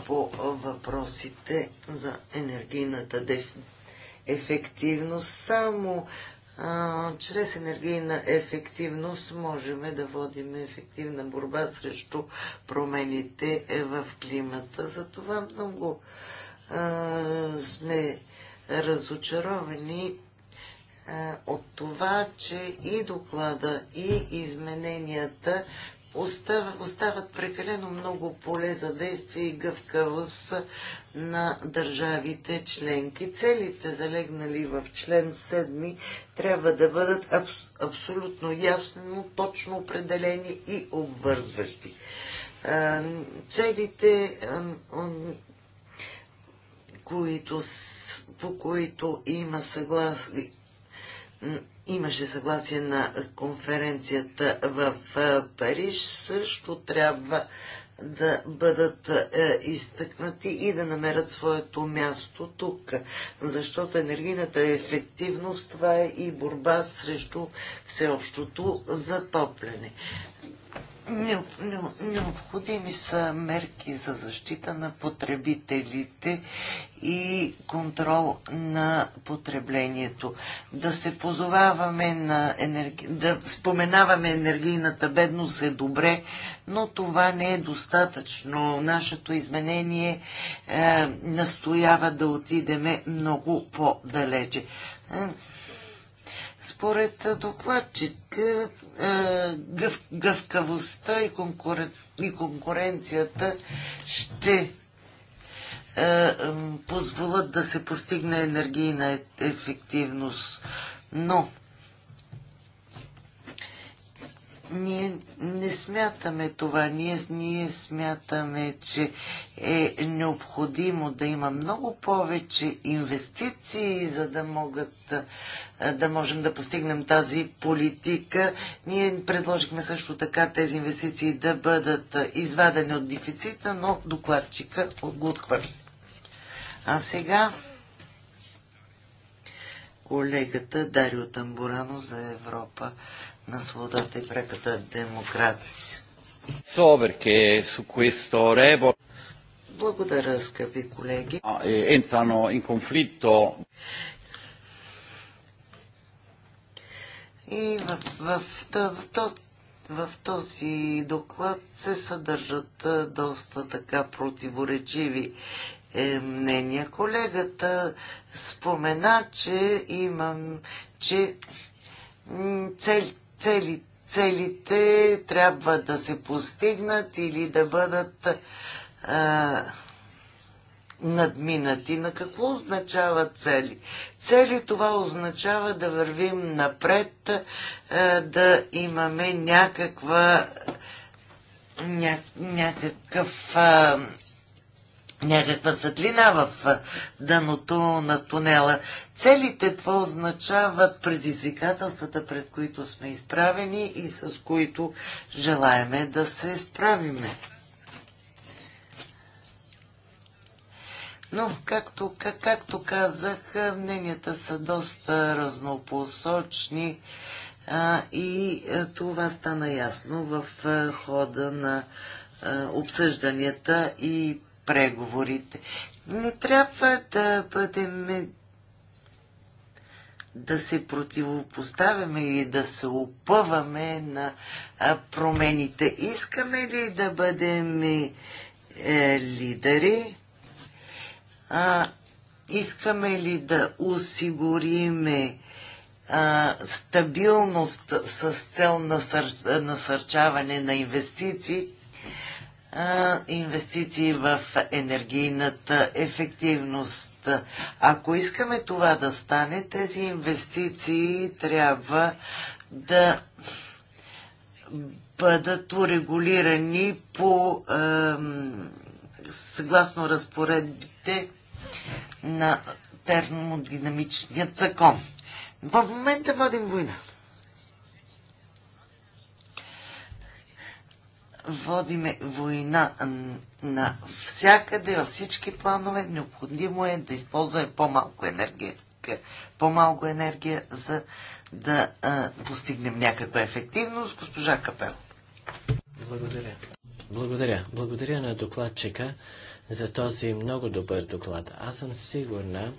по въпросите за енергийната ефективност. Само чрез енергийна ефективност можем да водим ефективна борба срещу промените в климата. Затова много а, сме разочаровани а, от това, че и доклада, и измененията остават, остават прекалено много поле за действие и гъвкавост на държавите членки. Целите, залегнали в член 7, трябва да бъдат абс, абсолютно ясно, точно определени и обвързващи. Целите, които, по които има съгласие имаше съгласие на конференцията в Париж, също трябва да бъдат е, изтъкнати и да намерят своето място тук. Защото енергийната ефективност това е и борба срещу всеобщото затопляне. Необходими са мерки за защита на потребителите и контрол на потреблението. Да се позоваваме на енерги... да споменаваме енергийната бедност е добре, но това не е достатъчно. Нашето изменение е, настоява да отидеме много по-далече. Е, според докладчика е, гъв, гъвкавостта и, конкурен, и конкуренцията ще е, позволят да се постигне енергийна ефективност. Но ние не смятаме това. Ние, ние смятаме, че е необходимо да има много повече инвестиции, за да, могат, да можем да постигнем тази политика. Ние предложихме също така тези инвестиции да бъдат извадени от дефицита, но докладчика го А сега колегата Дарио Тамбурано за Европа на свободата и преката демокрация. So, perché su questo report... Благодаря, скъпи колеги. Ентрано in conflitto. И в, в, в, в, в този доклад се съдържат доста така противоречиви е, мнения. Колегата спомена, че имам, че цел, цели, целите трябва да се постигнат или да бъдат а, надминати. На какво означава цели? Цели това означава да вървим напред, а, да имаме някаква ня, някакъв а, някаква светлина в дъното на тунела. Целите това означават предизвикателствата, пред които сме изправени и с които желаеме да се справиме. Но, както, как, както казах, мненията са доста разнопосочни а, и а, това стана ясно в а, хода на а, обсъжданията и преговорите. Не трябва да бъдем да се противопоставяме или да се опъваме на промените. Искаме ли да бъдем е, лидери? искаме ли да осигуриме стабилност с цел насър... насърчаване на инвестиции? инвестиции в енергийната ефективност. Ако искаме това да стане, тези инвестиции трябва да бъдат урегулирани по съгласно разпоредбите на термодинамичният закон. В момента водим война. водиме война на всякъде, във всички планове. Необходимо е да използваме по-малко енергия, по-малко енергия за да а, постигнем някаква ефективност. Госпожа Капел. Благодаря. Благодаря. Благодаря на докладчика за този много добър доклад. Аз съм сигурна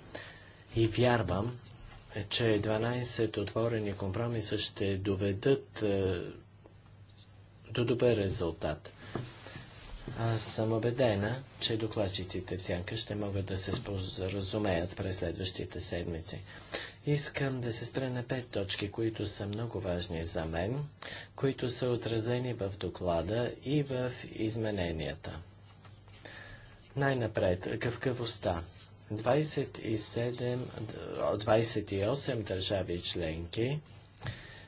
и вярвам, че 12 отворени компромиса ще доведат е, до добър резултат. Аз съм убедена, че докладчиците в сянка ще могат да се споразумеят през следващите седмици. Искам да се спра на пет точки, които са много важни за мен, които са отразени в доклада и в измененията. Най-напред, гъвкавостта. 27, 28 държави членки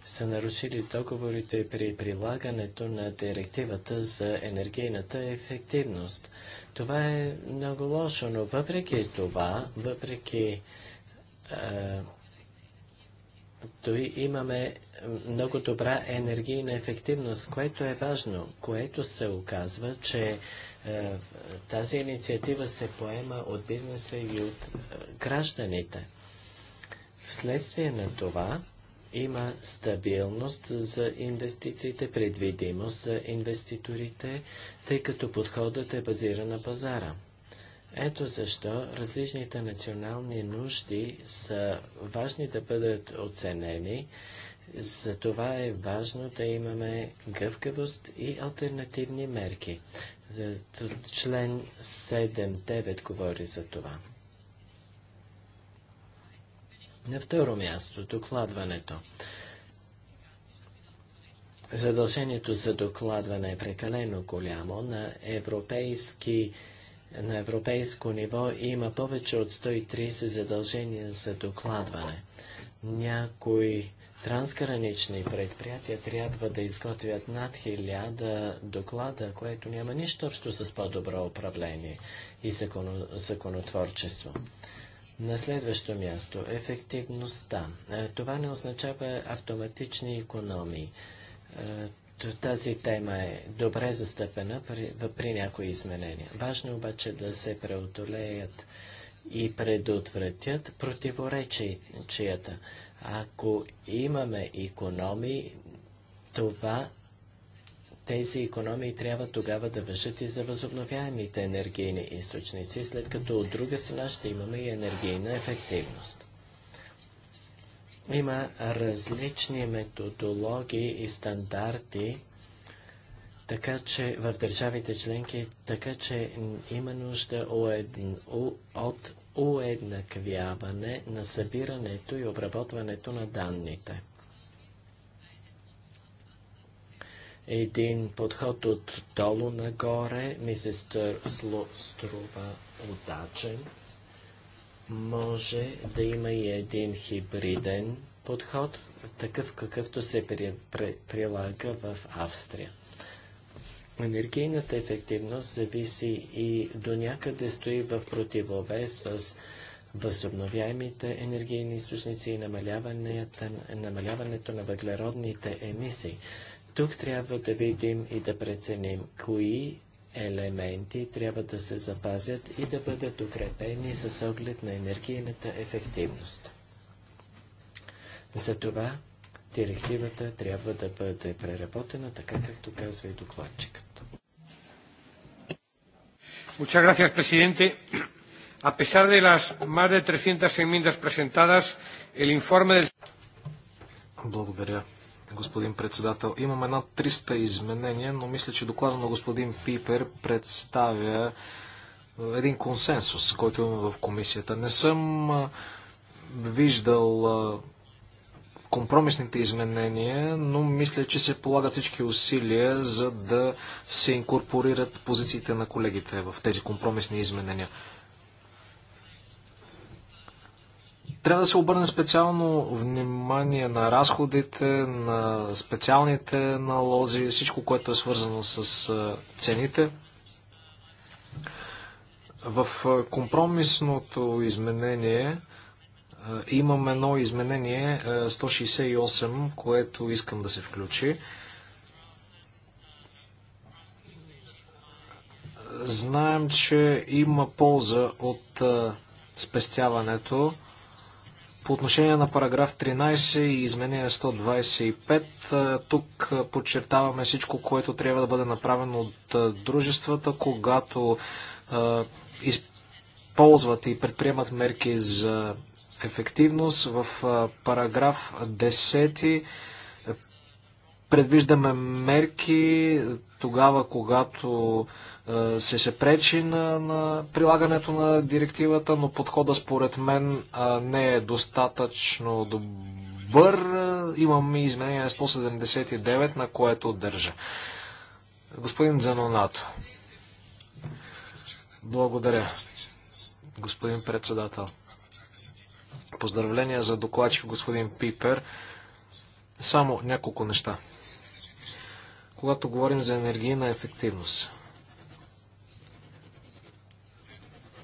са нарушили договорите при прилагането на директивата за енергийната ефективност. Това е много лошо, но въпреки това, въпреки а, той имаме много добра енергийна ефективност, което е важно, което се оказва, че тази инициатива се поема от бизнеса и от е, гражданите. Вследствие на това, има стабилност за инвестициите, предвидимост за инвеститорите, тъй като подходът е базиран на пазара. Ето защо различните национални нужди са важни да бъдат оценени. За това е важно да имаме гъвкавост и альтернативни мерки. Член 7.9 говори за това. На второ място, докладването. Задължението за докладване е прекалено голямо. На, европейски, на европейско ниво има повече от 130 задължения за докладване. Някои трансгранични предприятия трябва да изготвят над 1000 доклада, което няма нищо общо с по-добро управление и законотворчество. На следващо място, ефективността. Е, това не означава автоматични економии. Е, тази тема е добре застъпена при, при някои изменения. Важно е обаче да се преодолеят и предотвратят противоречията. Ако имаме економии, това тези економии трябва тогава да въжат и за възобновяемите енергийни източници, след като от друга страна ще имаме и енергийна ефективност. Има различни методологии и стандарти, така че в държавите членки, така че има нужда от уеднаквяване на събирането и обработването на данните. един подход от долу нагоре ми се стър, сло, струва удачен. Може да има и един хибриден подход, такъв какъвто се при, при, прилага в Австрия. Енергийната ефективност зависи и до някъде стои в противовес с възобновяемите енергийни източници и намаляването, намаляването на въглеродните емисии. Тук трябва да видим и да преценим кои елементи трябва да се запазят и да бъдат укрепени с оглед на енергийната ефективност. Затова директивата трябва да бъде преработена така, както казва и докладчикът. Muchas gracias, presidente. A pesar de las más de 300 enmiendas presentadas, el informe del... Благодаря, господин председател. Имам една 300 изменения, но мисля, че доклада на господин Пипер представя е, един консенсус, който имаме в комисията. Не съм виждал компромисните изменения, но мисля, че се полагат всички усилия, за да се инкорпорират позициите на колегите в тези компромисни изменения. Трябва да се обърне специално внимание на разходите, на специалните налози, всичко, което е свързано с цените. В компромисното изменение имам едно изменение 168, което искам да се включи. Знаем, че има полза от спестяването. По отношение на параграф 13 и изменение 125, е, тук подчертаваме всичко, което трябва да бъде направено от е, дружествата, когато е, използват и предприемат мерки за ефективност. В параграф 10 предвиждаме мерки тогава, когато е, се се пречи на, на прилагането на директивата, но подхода според мен е, не е достатъчно добър. Имаме изменение 179, на което държа. Господин Занонато. Благодаря, господин председател. Поздравления за докладчик господин Пипер. Само няколко неща когато говорим за енергийна ефективност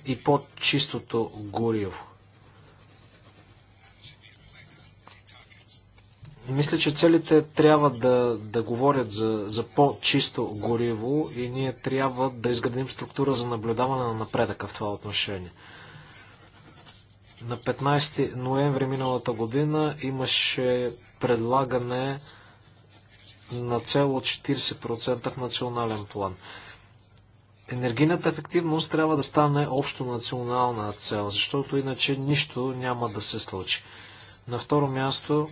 и по-чистото гориво. Мисля, че целите трябва да, да говорят за, за по-чисто гориво и ние трябва да изградим структура за наблюдаване на напредъка в това отношение. На 15 ноември миналата година имаше предлагане на цел от 40% в национален план. Енергийната ефективност трябва да стане общо национална цел, защото иначе нищо няма да се случи. На второ място,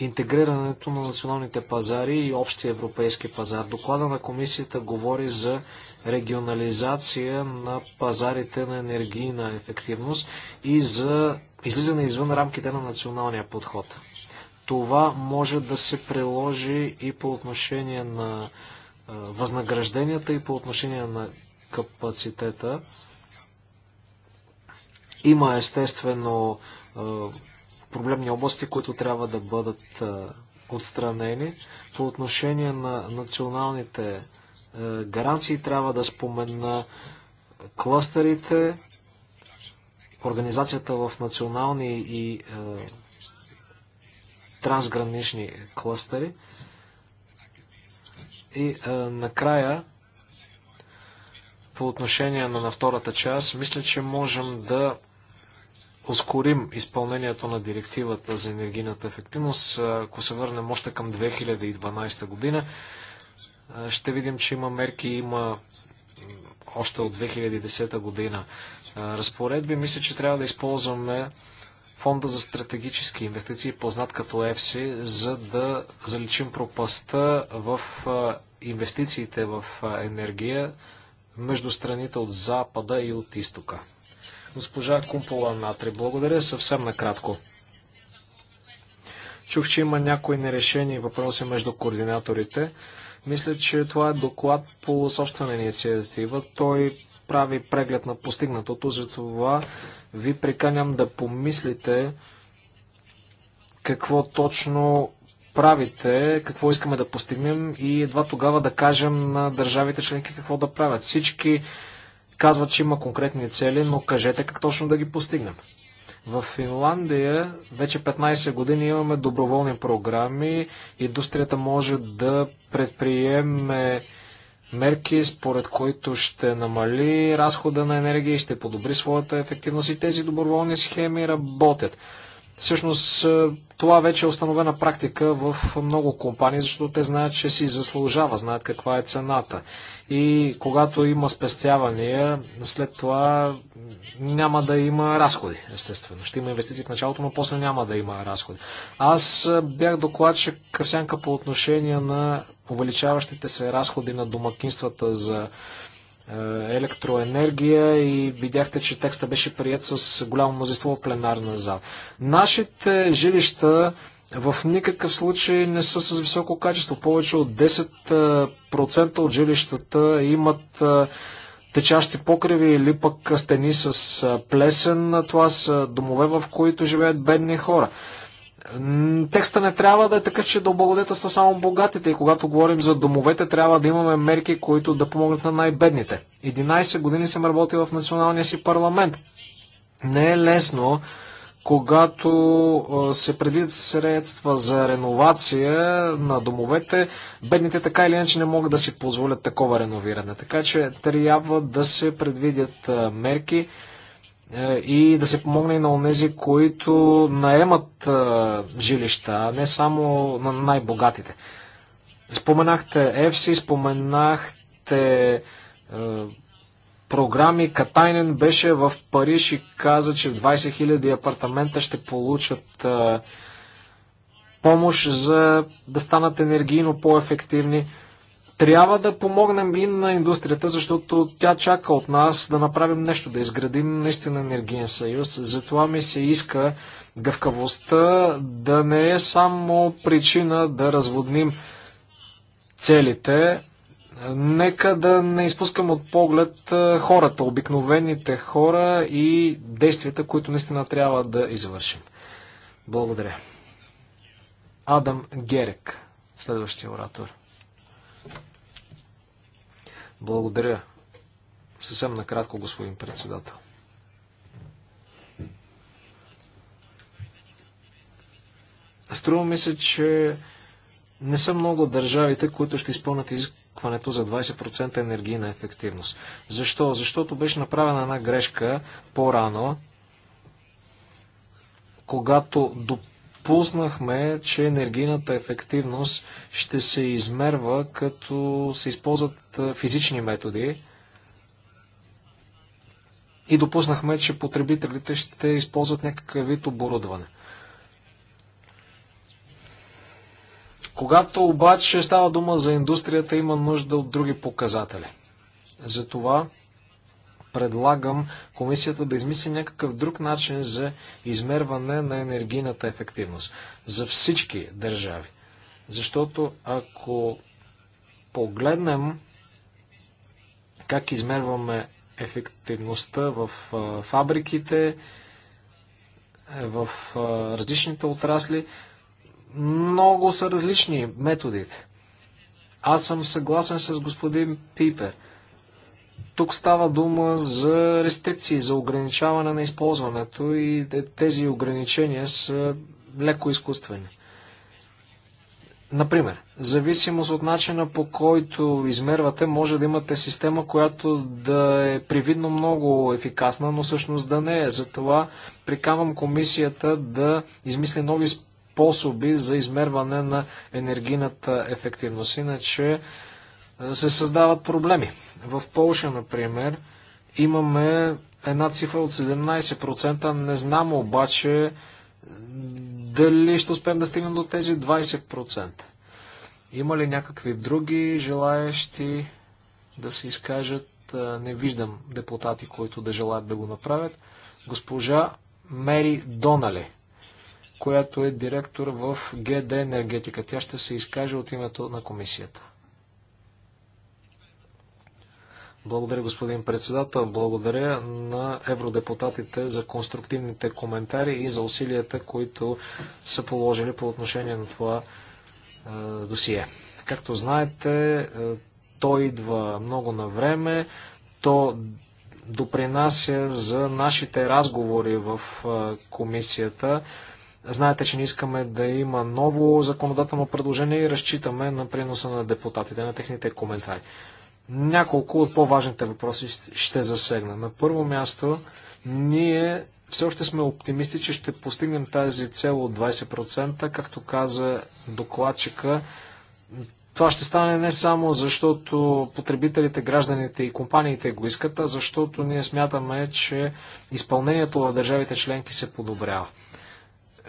интегрирането на националните пазари и общия европейски пазар. Доклада на комисията говори за регионализация на пазарите на енергийна ефективност и за излизане извън рамките на националния подход. Това може да се приложи и по отношение на възнагражденията и по отношение на капацитета. Има естествено проблемни области, които трябва да бъдат отстранени. По отношение на националните гаранции трябва да спомена кластерите, организацията в национални и трансгранични кластери. И а, накрая, по отношение на, на втората част, мисля, че можем да ускорим изпълнението на директивата за енергийната ефективност. Ако се върнем още към 2012 година, ще видим, че има мерки, има още от 2010 година разпоредби. Мисля, че трябва да използваме фонда за стратегически инвестиции, познат като ЕФСИ, за да заличим пропаста в инвестициите в енергия между страните от Запада и от Изтока. Госпожа Кумпола Натри, благодаря съвсем накратко. Чух, че има някои нерешени въпроси между координаторите. Мисля, че това е доклад по собствена инициатива. Той прави преглед на постигнатото. Затова ви приканям да помислите какво точно правите, какво искаме да постигнем и едва тогава да кажем на държавите членки какво да правят. Всички казват, че има конкретни цели, но кажете как точно да ги постигнем. В Финландия вече 15 години имаме доброволни програми. Индустрията може да предприеме мерки, според които ще намали разхода на енергия и ще подобри своята ефективност и тези доброволни схеми работят. Всъщност е, това вече е установена практика в много компании, защото те знаят, че си заслужава, знаят каква е цената. И когато има спестявания, след това няма да има разходи, естествено. Ще има инвестиции в началото, но после няма да има разходи. Аз е, бях докладчик Кърсянка по отношение на увеличаващите се разходи на домакинствата за е, електроенергия и видяхте, че текста беше прият с голямо мнозинство в пленарна зал. Нашите жилища в никакъв случай не са с високо качество. Повече от 10% е, от жилищата имат е, течащи покриви или пък стени с плесен. Това са домове, в които живеят бедни хора. Текста не трябва да е такъв, че да облагодетелства само богатите. И когато говорим за домовете, трябва да имаме мерки, които да помогнат на най-бедните. 11 години съм работил в националния си парламент. Не е лесно, когато се предвидят средства за реновация на домовете, бедните така или иначе не могат да си позволят такова реновиране. Така че трябва да се предвидят мерки. Е, и да се помогне на онези, които наемат е, жилища, а не само на най-богатите. Споменахте ЕФСИ, споменахте е, програми. Катайнен беше в Париж и каза, че 20 000 апартамента ще получат помощ за да станат енергийно по-ефективни. Трябва да помогнем и на индустрията, защото тя чака от нас да направим нещо, да изградим наистина енергиен съюз. Затова ми се иска гъвкавостта да не е само причина да разводним целите. Нека да не изпускам от поглед хората, обикновените хора и действията, които наистина трябва да извършим. Благодаря. Адам Герек, следващия оратор. Благодаря. Съвсем накратко, господин председател. Струва ми се, че не са много държавите, които ще изпълнят изискването за 20% енергийна ефективност. Защо? Защото беше направена една грешка по-рано, когато допълнително спознахме, че енергийната ефективност ще се измерва като се използват физични методи и допуснахме, че потребителите ще използват някакъв вид оборудване. Когато обаче става дума за индустрията, има нужда от други показатели. Затова предлагам комисията да измисли някакъв друг начин за измерване на енергийната ефективност за всички държави. Защото ако погледнем как измерваме ефективността в фабриките, в различните отрасли, много са различни методите. Аз съм съгласен с господин Пипер – тук става дума за рестекции, за ограничаване на използването и тези ограничения са леко изкуствени. Например, зависимост от начина по който измервате, може да имате система, която да е привидно много ефикасна, но всъщност да не е. Затова прикавам комисията да измисли нови способи за измерване на енергийната ефективност. Иначе се създават проблеми в Полша, например, имаме една цифра от 17%. Не знам обаче дали ще успеем да стигнем до тези 20%. Има ли някакви други желаящи да се изкажат? Не виждам депутати, които да желаят да го направят. Госпожа Мери Донали, която е директор в ГД Енергетика. Тя ще се изкаже от името на комисията. Благодаря, господин председател. Благодаря на евродепутатите за конструктивните коментари и за усилията, които са положили по отношение на това е, досие. Както знаете, е, то идва много на време, то допринася за нашите разговори в е, комисията. Знаете, че не искаме да има ново законодателно предложение и разчитаме на приноса на депутатите, на техните коментари. Няколко от по-важните въпроси ще засегна. На първо място, ние все още сме оптимисти, че ще постигнем тази цел от 20%, както каза докладчика. Това ще стане не само защото потребителите, гражданите и компаниите го искат, а защото ние смятаме, че изпълнението в държавите членки се подобрява.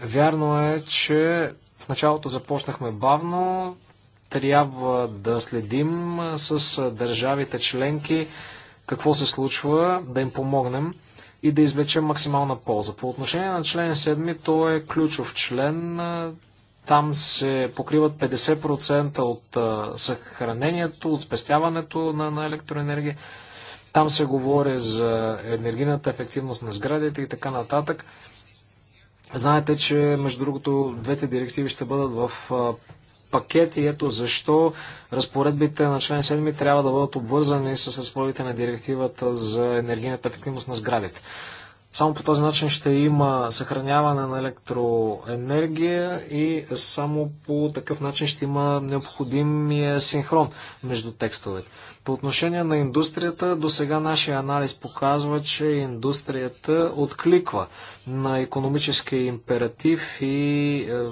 Вярно е, че в началото започнахме бавно, трябва да следим с държавите членки какво се случва, да им помогнем и да извлечем максимална полза. По отношение на член 7, то е ключов член. Там се покриват 50% от съхранението, от спестяването на, на електроенергия. Там се говори за енергийната ефективност на сградите и така нататък. Знаете, че между другото двете директиви ще бъдат в пакет и ето защо разпоредбите на член 7 трябва да бъдат обвързани с разпоредбите на директивата за енергийната ефективност на сградите. Само по този начин ще има съхраняване на електроенергия и само по такъв начин ще има необходимия синхрон между текстовете. По отношение на индустрията, до сега нашия анализ показва, че индустрията откликва на економическия императив и е,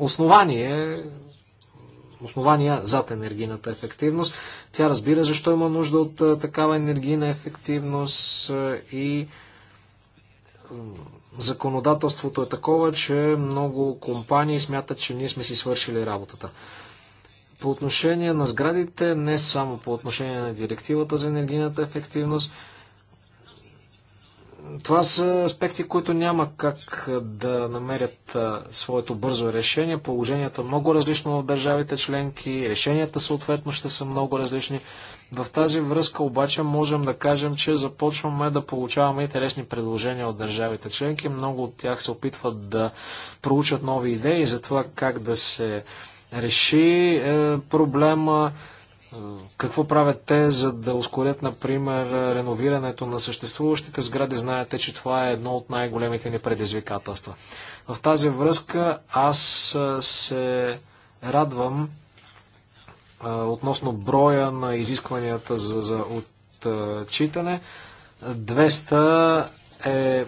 основание, основания зад енергийната ефективност. Тя разбира защо има нужда от такава енергийна ефективност и законодателството е такова, че много компании смятат, че ние сме си свършили работата. По отношение на сградите, не само по отношение на директивата за енергийната ефективност, това са аспекти, които няма как да намерят своето бързо решение. Положението е много различно в държавите членки, решенията съответно ще са много различни. В тази връзка обаче можем да кажем, че започваме да получаваме интересни предложения от държавите членки. Много от тях се опитват да проучат нови идеи за това как да се реши е, проблема какво правят те, за да ускорят, например, реновирането на съществуващите сгради? Знаете, че това е едно от най-големите ни предизвикателства. В тази връзка аз се радвам относно броя на изискванията за, за отчитане. 200 е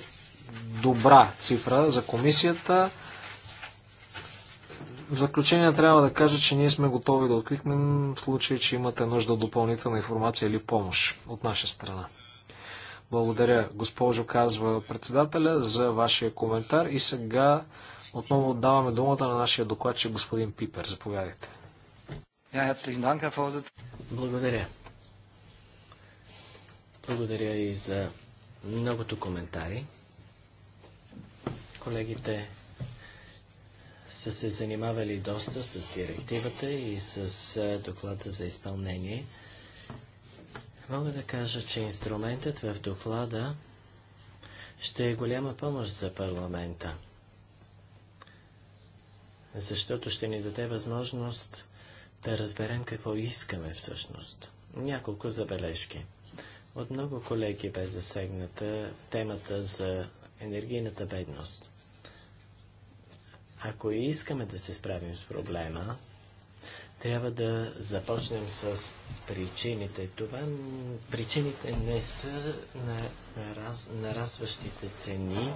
добра цифра за комисията. В заключение трябва да кажа, че ние сме готови да откликнем в случай, че имате нужда от допълнителна информация или помощ от наша страна. Благодаря, госпожо, казва председателя, за вашия коментар. И сега отново отдаваме думата на нашия докладчик, господин Пипер. Заповядайте. Благодаря. Благодаря и за многото коментари. Колегите са се занимавали доста с директивата и с доклада за изпълнение. Мога да кажа, че инструментът в доклада ще е голяма помощ за парламента, защото ще ни даде възможност да разберем какво искаме всъщност. Няколко забележки. От много колеги бе засегната темата за енергийната бедност. Ако искаме да се справим с проблема, трябва да започнем с причините. Това причините не са на, нараз, нарастващите цени.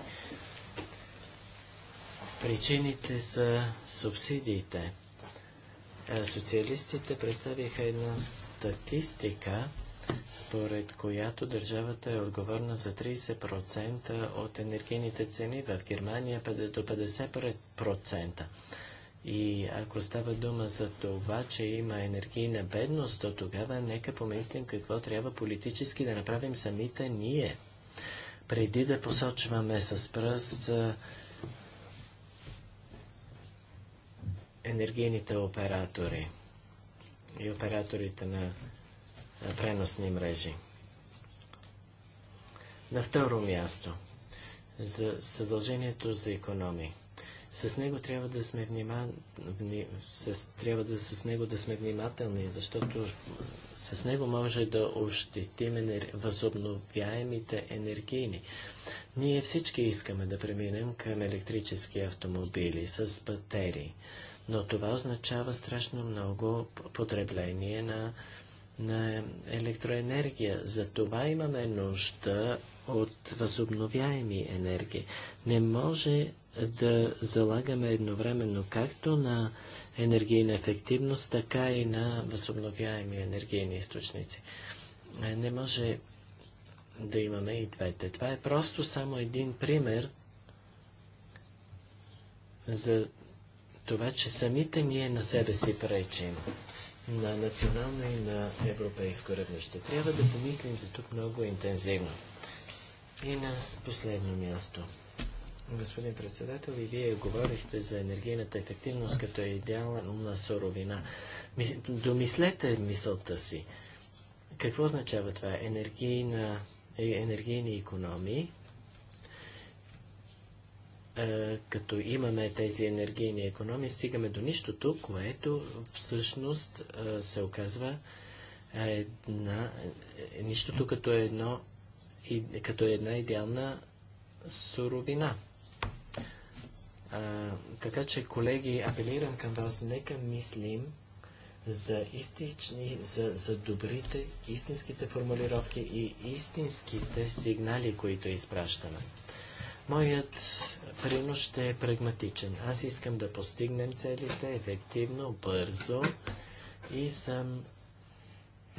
Причините са субсидиите. Е, социалистите представиха една статистика, според която държавата е отговорна за 30% от енергийните цени, в Германия до 50%. И ако става дума за това, че има енергийна бедност, то тогава нека помислим какво трябва политически да направим самите ние. Преди да посочваме с пръст енергийните оператори и операторите на преносни мрежи. На второ място, за съдължението за економии. С него трябва да сме внима... вни... с... трябва да с него да сме внимателни, защото с него може да ощетим енер... възобновяемите енергийни. Ние всички искаме да преминем към електрически автомобили с батерии, но това означава страшно много потребление на на електроенергия. За това имаме нужда от възобновяеми енергии. Не може да залагаме едновременно както на енергийна ефективност, така и на възобновяеми енергийни източници. Е, не може да имаме и двете. Това е просто само един пример за това, че самите ние на себе си пречим на национално и на европейско равнище. Трябва да помислим за тук много интензивно. И на последно място. Господин председател, и вие говорихте за енергийната ефективност като е идеална суровина. Домислете мисълта си. Какво означава това? Енергийна, е, енергийни економии, е, като имаме тези енергийни економии, стигаме до нищото, което всъщност е, се оказва една, е, нищото като едно като една идеална суровина. А, така че, колеги, апелирам към вас, нека мислим за, истични, за, за добрите, истинските формулировки и истинските сигнали, които изпращаме. Моят принос ще е прагматичен. Аз искам да постигнем целите ефективно, бързо и съм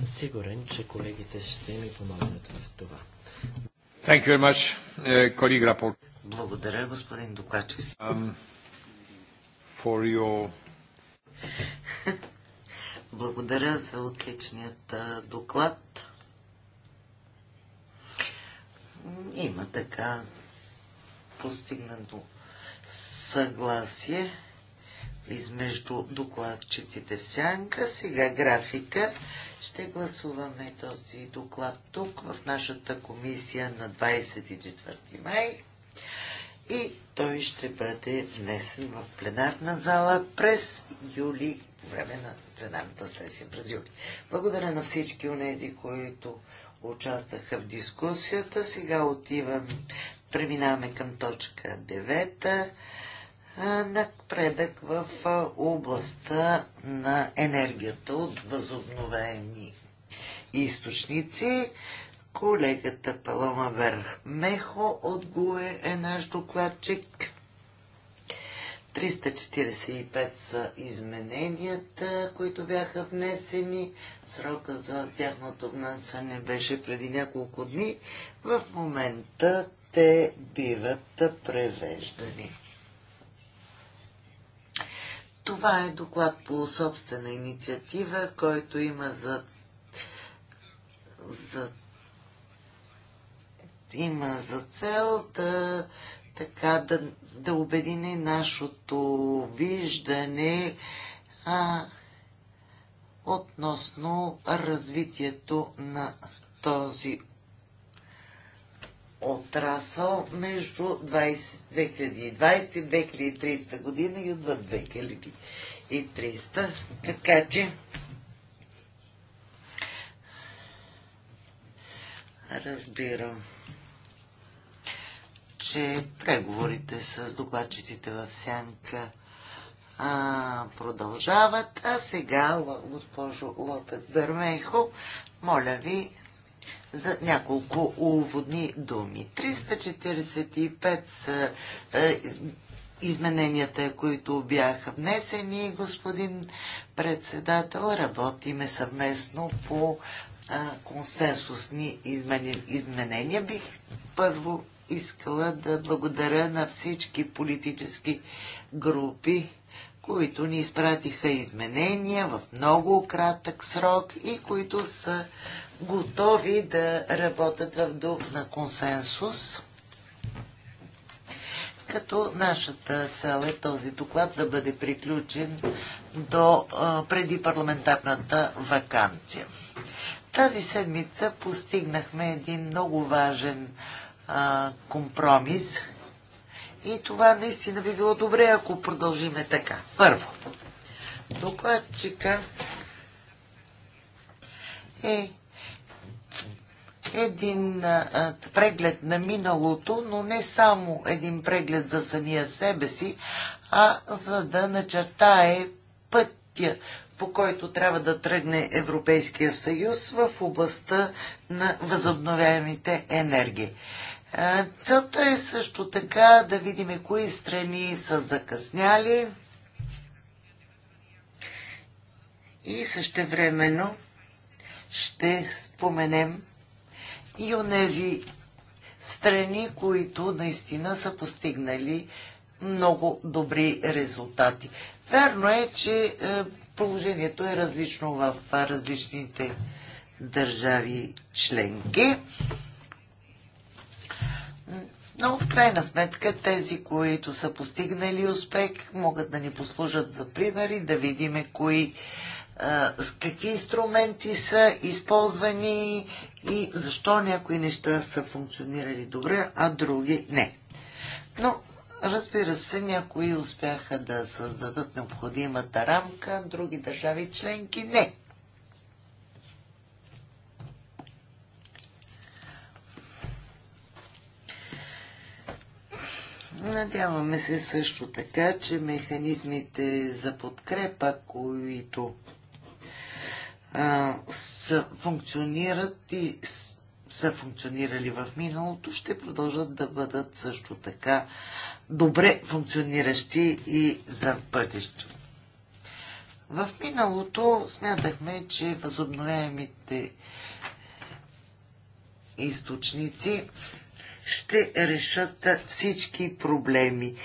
сигурен, че колегите ще ми помогнат в това. Thank you very much, uh, colleague rapport. Благодаря, господин Докачев. Um, for your... <laughs> Благодаря за отличният доклад. Има така постигнато съгласие измежду докладчиците в сянка. Сега графика. Ще гласуваме този доклад тук в нашата комисия на 24 май и той ще бъде внесен в пленарна зала през юли, по време на пленарната сесия през юли. Благодаря на всички тези, които участваха в дискусията. Сега отивам Преминаваме към точка 9. Напредък в областта на енергията от възобновени източници. Колегата Палома Мехо от ГУЕ е наш докладчик. 345 са измененията, които бяха внесени. Срока за тяхното внасяне беше преди няколко дни. В момента те биват превеждани. Това е доклад по собствена инициатива, който има за, за, има за цел да, така, да, да обедини нашето виждане а, относно развитието на този отрасъл между 2020 и 2030 година и отвъд 2300. Така че разбирам, че преговорите с докладчиците в Сянка а, продължават. А сега, госпожо Лопес Бермейхо, моля ви за няколко уводни думи. 345 са е, измененията, които бяха внесени. Господин председател, работиме съвместно по е, консенсусни изменения. Бих първо искала да благодаря на всички политически групи, които ни изпратиха изменения в много кратък срок и които са готови да работят в дух на консенсус, като нашата цел е този доклад да бъде приключен до преди парламентарната вакансия. Тази седмица постигнахме един много важен а, компромис и това наистина би било добре, ако продължиме така. Първо, докладчика е един преглед на миналото, но не само един преглед за самия себе си, а за да начертае пътя, по който трябва да тръгне Европейския съюз в областта на възобновяемите енергии. Целта е също така да видим кои страни са закъсняли и също времено ще споменем и онези страни, които наистина са постигнали много добри резултати. Верно е, че е, положението е различно в е, различните държави членки. Но в крайна сметка тези, които са постигнали успех, могат да ни послужат за примери, да видим кои, е, с какви инструменти са използвани и защо някои неща са функционирали добре, а други не. Но, разбира се, някои успяха да създадат необходимата рамка, други държави членки не. Надяваме се също така, че механизмите за подкрепа, които са, функционират и са функционирали в миналото, ще продължат да бъдат също така добре функциониращи и за бъдещето. В миналото смятахме, че възобновяемите източници ще решат всички проблеми.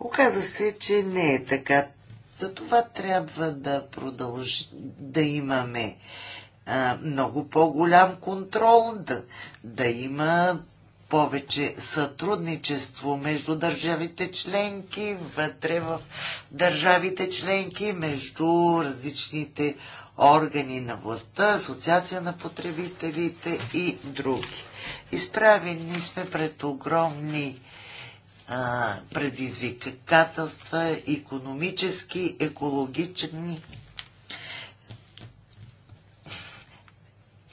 Оказа се, че не е така това трябва да продължи да имаме а, много по-голям контрол, да, да има повече сътрудничество между държавите членки, вътре в държавите членки, между различните органи на властта, Асоциация на потребителите и други. Изправени сме пред огромни предизвикателства, економически, екологични.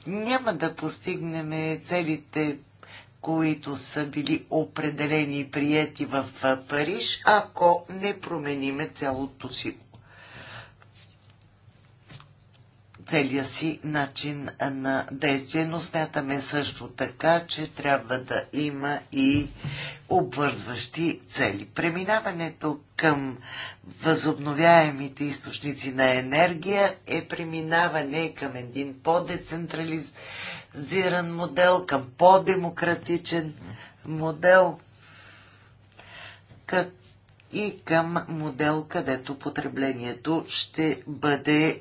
Няма да постигнем целите, които са били определени и приети в Париж, ако не промениме цялото си целия си начин на действие, но смятаме също така, че трябва да има и обвързващи цели. Преминаването към възобновяемите източници на енергия е преминаване към един по-децентрализиран модел, към по-демократичен модел и към модел, където потреблението ще бъде е,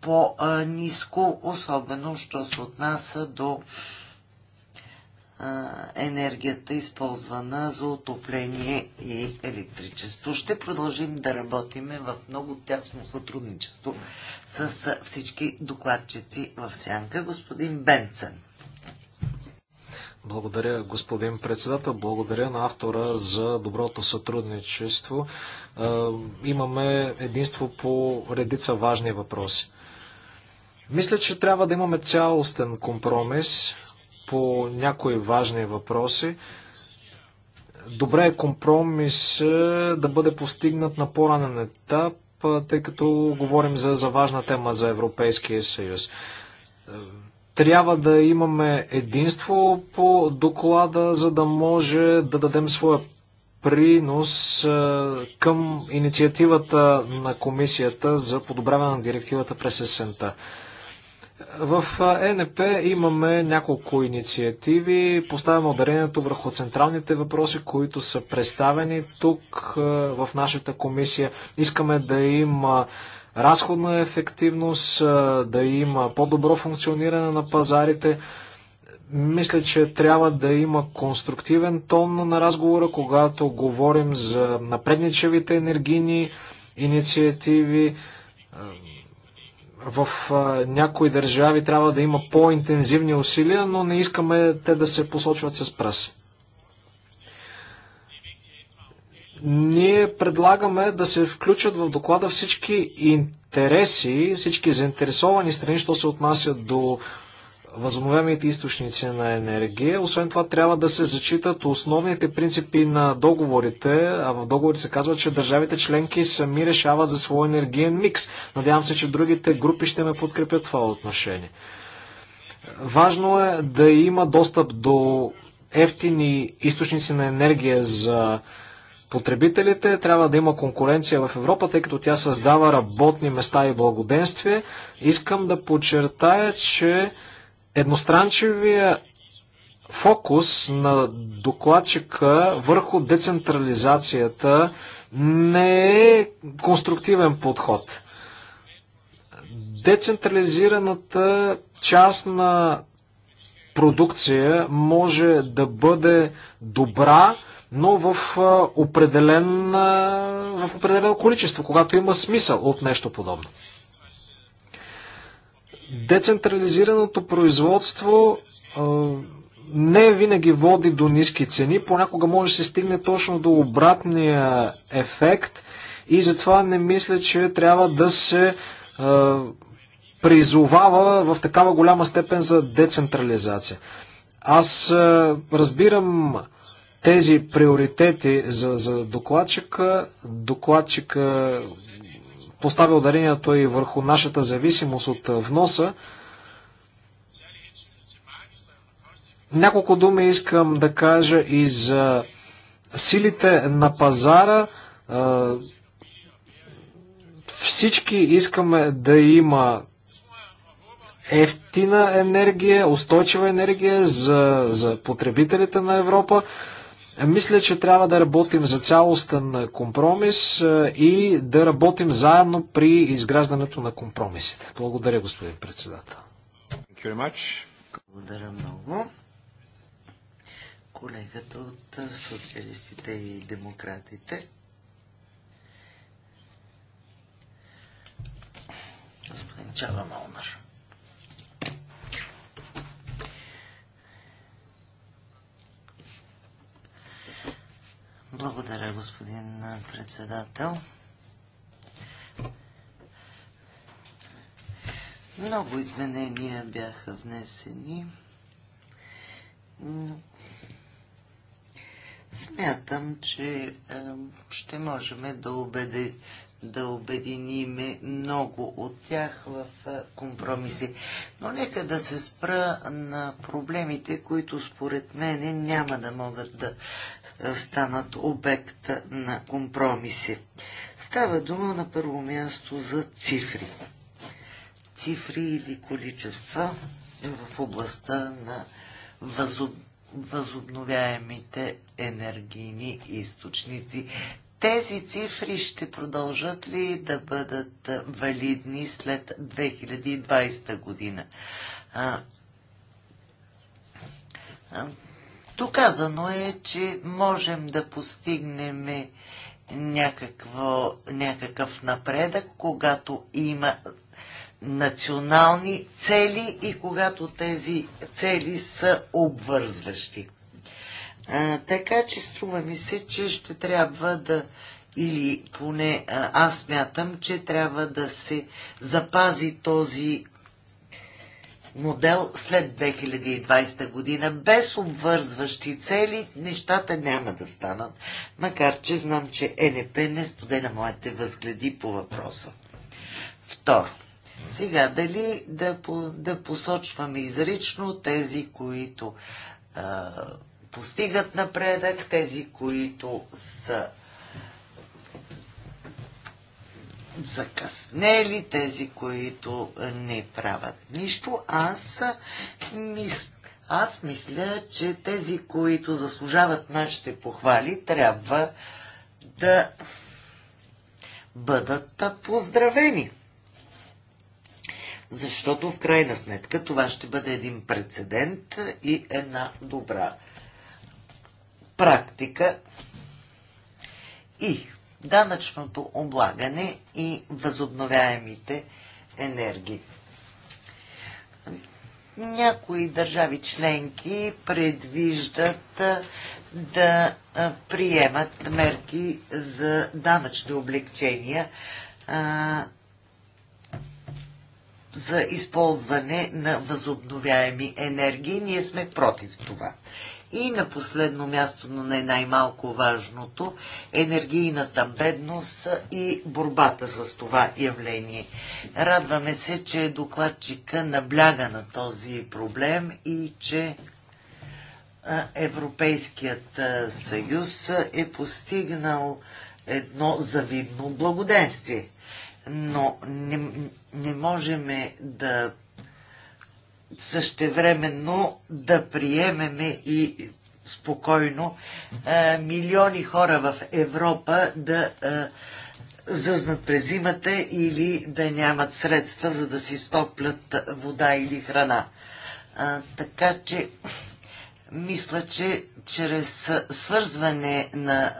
по-низко, особено, що се отнася до енергията, използвана за отопление и електричество. Ще продължим да работим в много тясно сътрудничество с всички докладчици в сянка. Господин Бенцен. Благодаря, господин председател. Благодаря на автора за доброто сътрудничество. Имаме единство по редица важни въпроси. Мисля, че трябва да имаме цялостен компромис по някои важни въпроси. Добре е компромис да бъде постигнат на по-ранен етап, тъй като говорим за, за важна тема за Европейския съюз. Трябва да имаме единство по доклада, за да може да дадем своя принос към инициативата на комисията за подобряване на директивата през есента. В ЕНП имаме няколко инициативи. Поставяме ударението върху централните въпроси, които са представени тук в нашата комисия. Искаме да има разходна ефективност, да има по-добро функциониране на пазарите. Мисля, че трябва да има конструктивен тон на разговора, когато говорим за напредничевите енергийни инициативи. В някои държави трябва да има по-интензивни усилия, но не искаме те да се посочват с пръст. Ние предлагаме да се включат в доклада всички интереси, всички заинтересовани страни, що се отнасят до възобновяемите източници на енергия. Освен това трябва да се зачитат основните принципи на договорите, а в договорите се казва, че държавите членки сами решават за своя енергиен микс. Надявам се, че другите групи ще ме подкрепят това отношение. Важно е да има достъп до ефтини източници на енергия за потребителите, трябва да има конкуренция в Европа, тъй като тя създава работни места и благоденствие. Искам да подчертая, че едностранчивия фокус на докладчика върху децентрализацията не е конструктивен подход. Децентрализираната част на продукция може да бъде добра но в, определен, в определено количество, когато има смисъл от нещо подобно. Децентрализираното производство не винаги води до ниски цени, понякога може да се стигне точно до обратния ефект и затова не мисля, че трябва да се призовава в такава голяма степен за децентрализация. Аз разбирам тези приоритети за, за докладчика. Докладчика поставя ударението и върху нашата зависимост от вноса. Няколко думи искам да кажа и за силите на пазара. Всички искаме да има ефтина енергия, устойчива енергия за, за потребителите на Европа. Мисля, че трябва да работим за цялостен компромис е, и да работим заедно при изграждането на компромисите. Благодаря, господин председател. Благодаря много. Колегата от социалистите и демократите. Господин Чава Малнар. Благодаря, господин председател. Много изменения бяха внесени, но смятам, че ще можем да, убеди, да обединиме много от тях в е, компромиси. Но нека да се спра на проблемите, които според мен няма да могат да е, станат обект на компромиси. Става дума на първо място за цифри. Цифри или количества е в областта на възоб... възобновяемите енергийни източници. Тези цифри ще продължат ли да бъдат валидни след 2020 година? Доказано е, че можем да постигнем някакво, някакъв напредък, когато има национални цели и когато тези цели са обвързващи. А, така че струва ми се, че ще трябва да или поне аз мятам, че трябва да се запази този модел след 2020 година. Без обвързващи цели нещата няма да станат, макар че знам, че е НП не споделя моите възгледи по въпроса. Второ. Сега, дали да, да посочваме изрично тези, които а, постигат напредък, тези, които са закъснели, тези, които не правят нищо. Аз, мис... аз мисля, че тези, които заслужават нашите похвали, трябва да бъдат поздравени. Защото в крайна сметка това ще бъде един прецедент и една добра практика. И данъчното облагане и възобновяемите енергии. Някои държави членки предвиждат да приемат мерки за данъчни облегчения за използване на възобновяеми енергии. Ние сме против това. И на последно място, но не най-малко важното, енергийната бедност и борбата с това явление. Радваме се, че докладчика набляга на този проблем и че Европейският съюз е постигнал едно завидно благоденствие. Но не, не можем да същевременно да приемеме и спокойно а, е, милиони хора в Европа да а, е, зъзнат през зимата или да нямат средства, за да си стоплят вода или храна. А, така че мисля, че чрез свързване на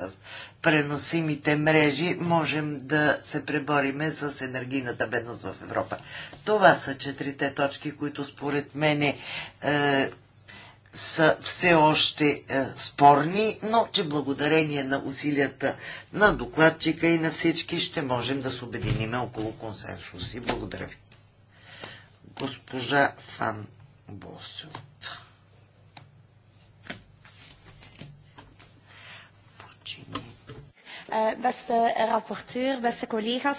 преносимите мрежи можем да се пребориме с енергийната бедност в Европа. Това са четирите точки, които според мене е, са все още е, спорни, но че благодарение на усилията на докладчика и на всички ще можем да се обединиме около консенсус. И благодаря ви. Госпожа Фан Босов. Бесте рапортер, бесте колегас.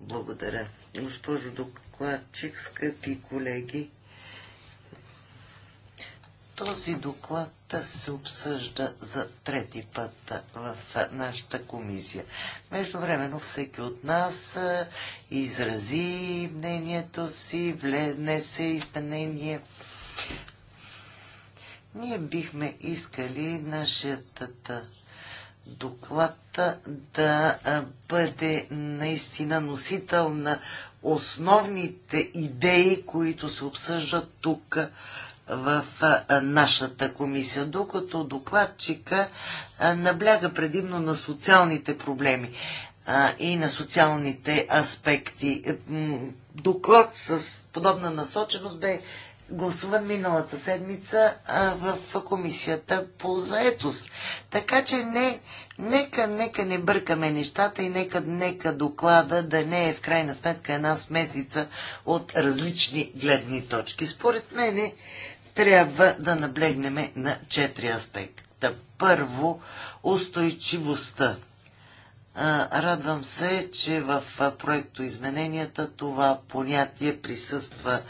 Благодаря. Госпожо докладчик, скъпи колеги, този доклад се обсъжда за трети път в нашата комисия. Междувременно всеки от нас е, изрази мнението си, внесе изменение. Ние бихме искали нашата доклад да бъде наистина носител на основните идеи, които се обсъждат тук в нашата комисия, докато докладчика набляга предимно на социалните проблеми и на социалните аспекти. Доклад с подобна насоченост бе гласуван миналата седмица в комисията по заетост. Така че не, нека, нека не бъркаме нещата и нека, нека доклада да не е в крайна сметка една смесица от различни гледни точки. Според мене трябва да наблегнем на четири аспекта. Първо, устойчивостта. Радвам се, че в проекто измененията това понятие присъства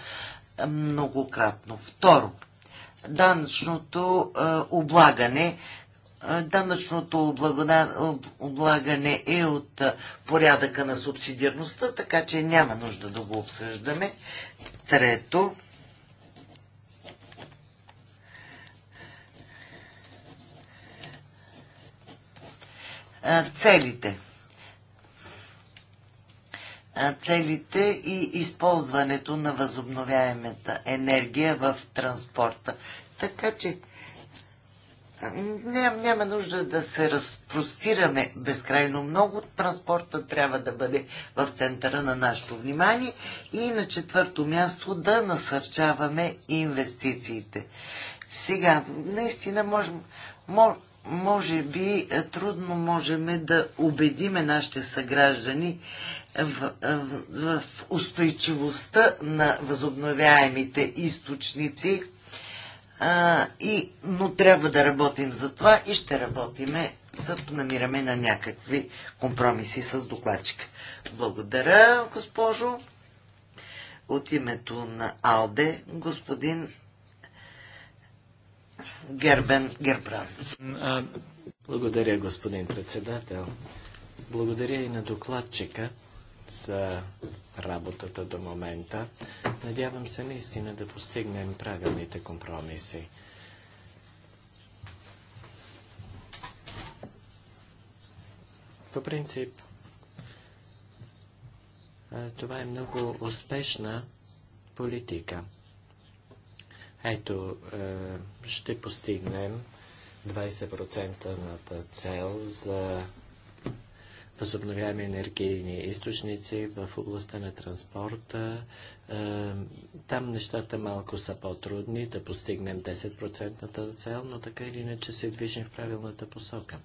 многократно. Второ, данъчното е, облагане. Е, данъчното облагане е от е, порядъка на субсидирността, така че няма нужда да го обсъждаме. Трето, целите – целите и използването на възобновяемата енергия в транспорта. Така че ням, няма нужда да се разпростираме безкрайно много. Транспорта трябва да бъде в центъра на нашето внимание и на четвърто място да насърчаваме инвестициите. Сега, наистина, можем, мож, може би е, трудно можем да убедиме нашите съграждани в, е, в, в устойчивостта на възобновяемите източници, а, и, но трябва да работим за това и ще работиме, за да намираме на някакви компромиси с докладчика. Благодаря, госпожо. От името на Алде, господин Гербен Гербран. Благодаря, господин председател. Благодаря и на докладчика за работата до момента. Надявам се наистина да постигнем правилните компромиси. По принцип, това е много успешна политика. Ето, е, ще постигнем 20% цел за възобновяеми енергийни източници в областта на транспорта. Е, там нещата малко са по-трудни да постигнем 10% цел, но така или иначе се движим в правилната посока.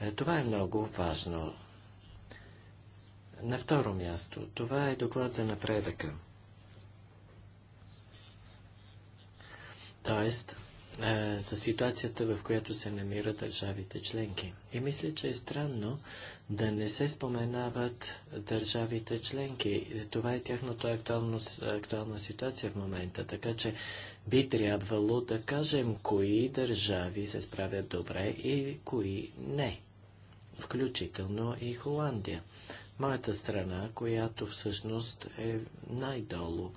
Е, това е много важно. На второ място, това е доклад за напредъка. Тоест, за ситуацията, в която се намират държавите членки. И мисля, че е странно да не се споменават държавите членки. Това е тяхното актуално, актуална ситуация в момента, така че би трябвало да кажем кои държави се справят добре и кои не, включително и Холандия. Моята страна, която всъщност е най-долу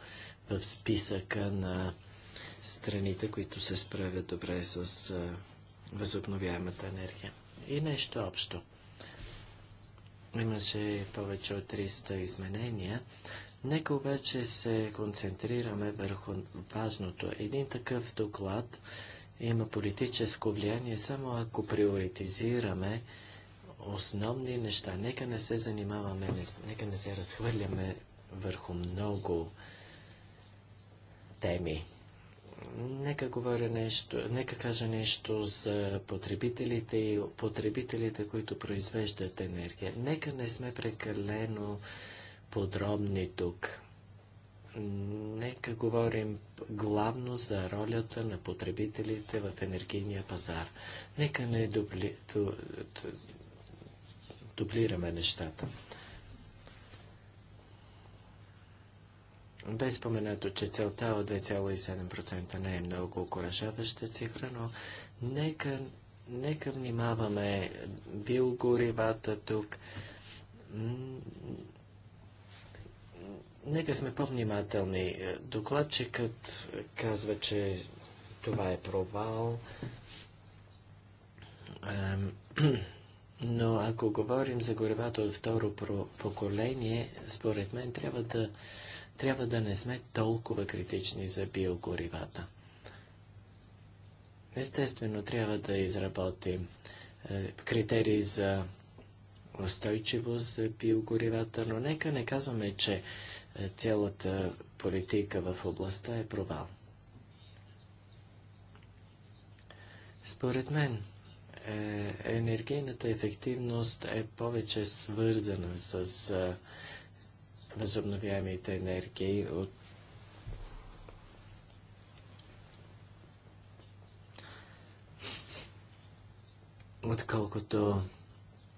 в списъка на страните, които се справят добре с а, възобновяемата енергия. И нещо общо. Имаше повече от 300 изменения. Нека обаче се концентрираме върху важното. Един такъв доклад има политическо влияние само ако приоритизираме основни неща. Нека не се занимаваме, нека не се разхвърляме върху много теми. Нека, говоря нещо, нека кажа нещо за потребителите и потребителите, които произвеждат енергия. Нека не сме прекалено подробни тук. Нека говорим главно за ролята на потребителите в енергийния пазар. Нека не дубли, дублираме нещата. Бе споменато, че целта от 2,7% не е много окоръжаваща цифра, но нека, нека внимаваме горивата тук. Нека сме по-внимателни. Докладчикът казва, че това е провал. <clears throat> Но ако говорим за горивата от второ поколение, според мен трябва да трябва да не сме толкова критични за биогоривата. Естествено, трябва да изработим е, критерии за устойчивост за биогоривата, но нека не казваме, че е, цялата политика в областта е провал. Според мен, е, енергийната ефективност е повече свързана с е, възобновяемите енергии от отколкото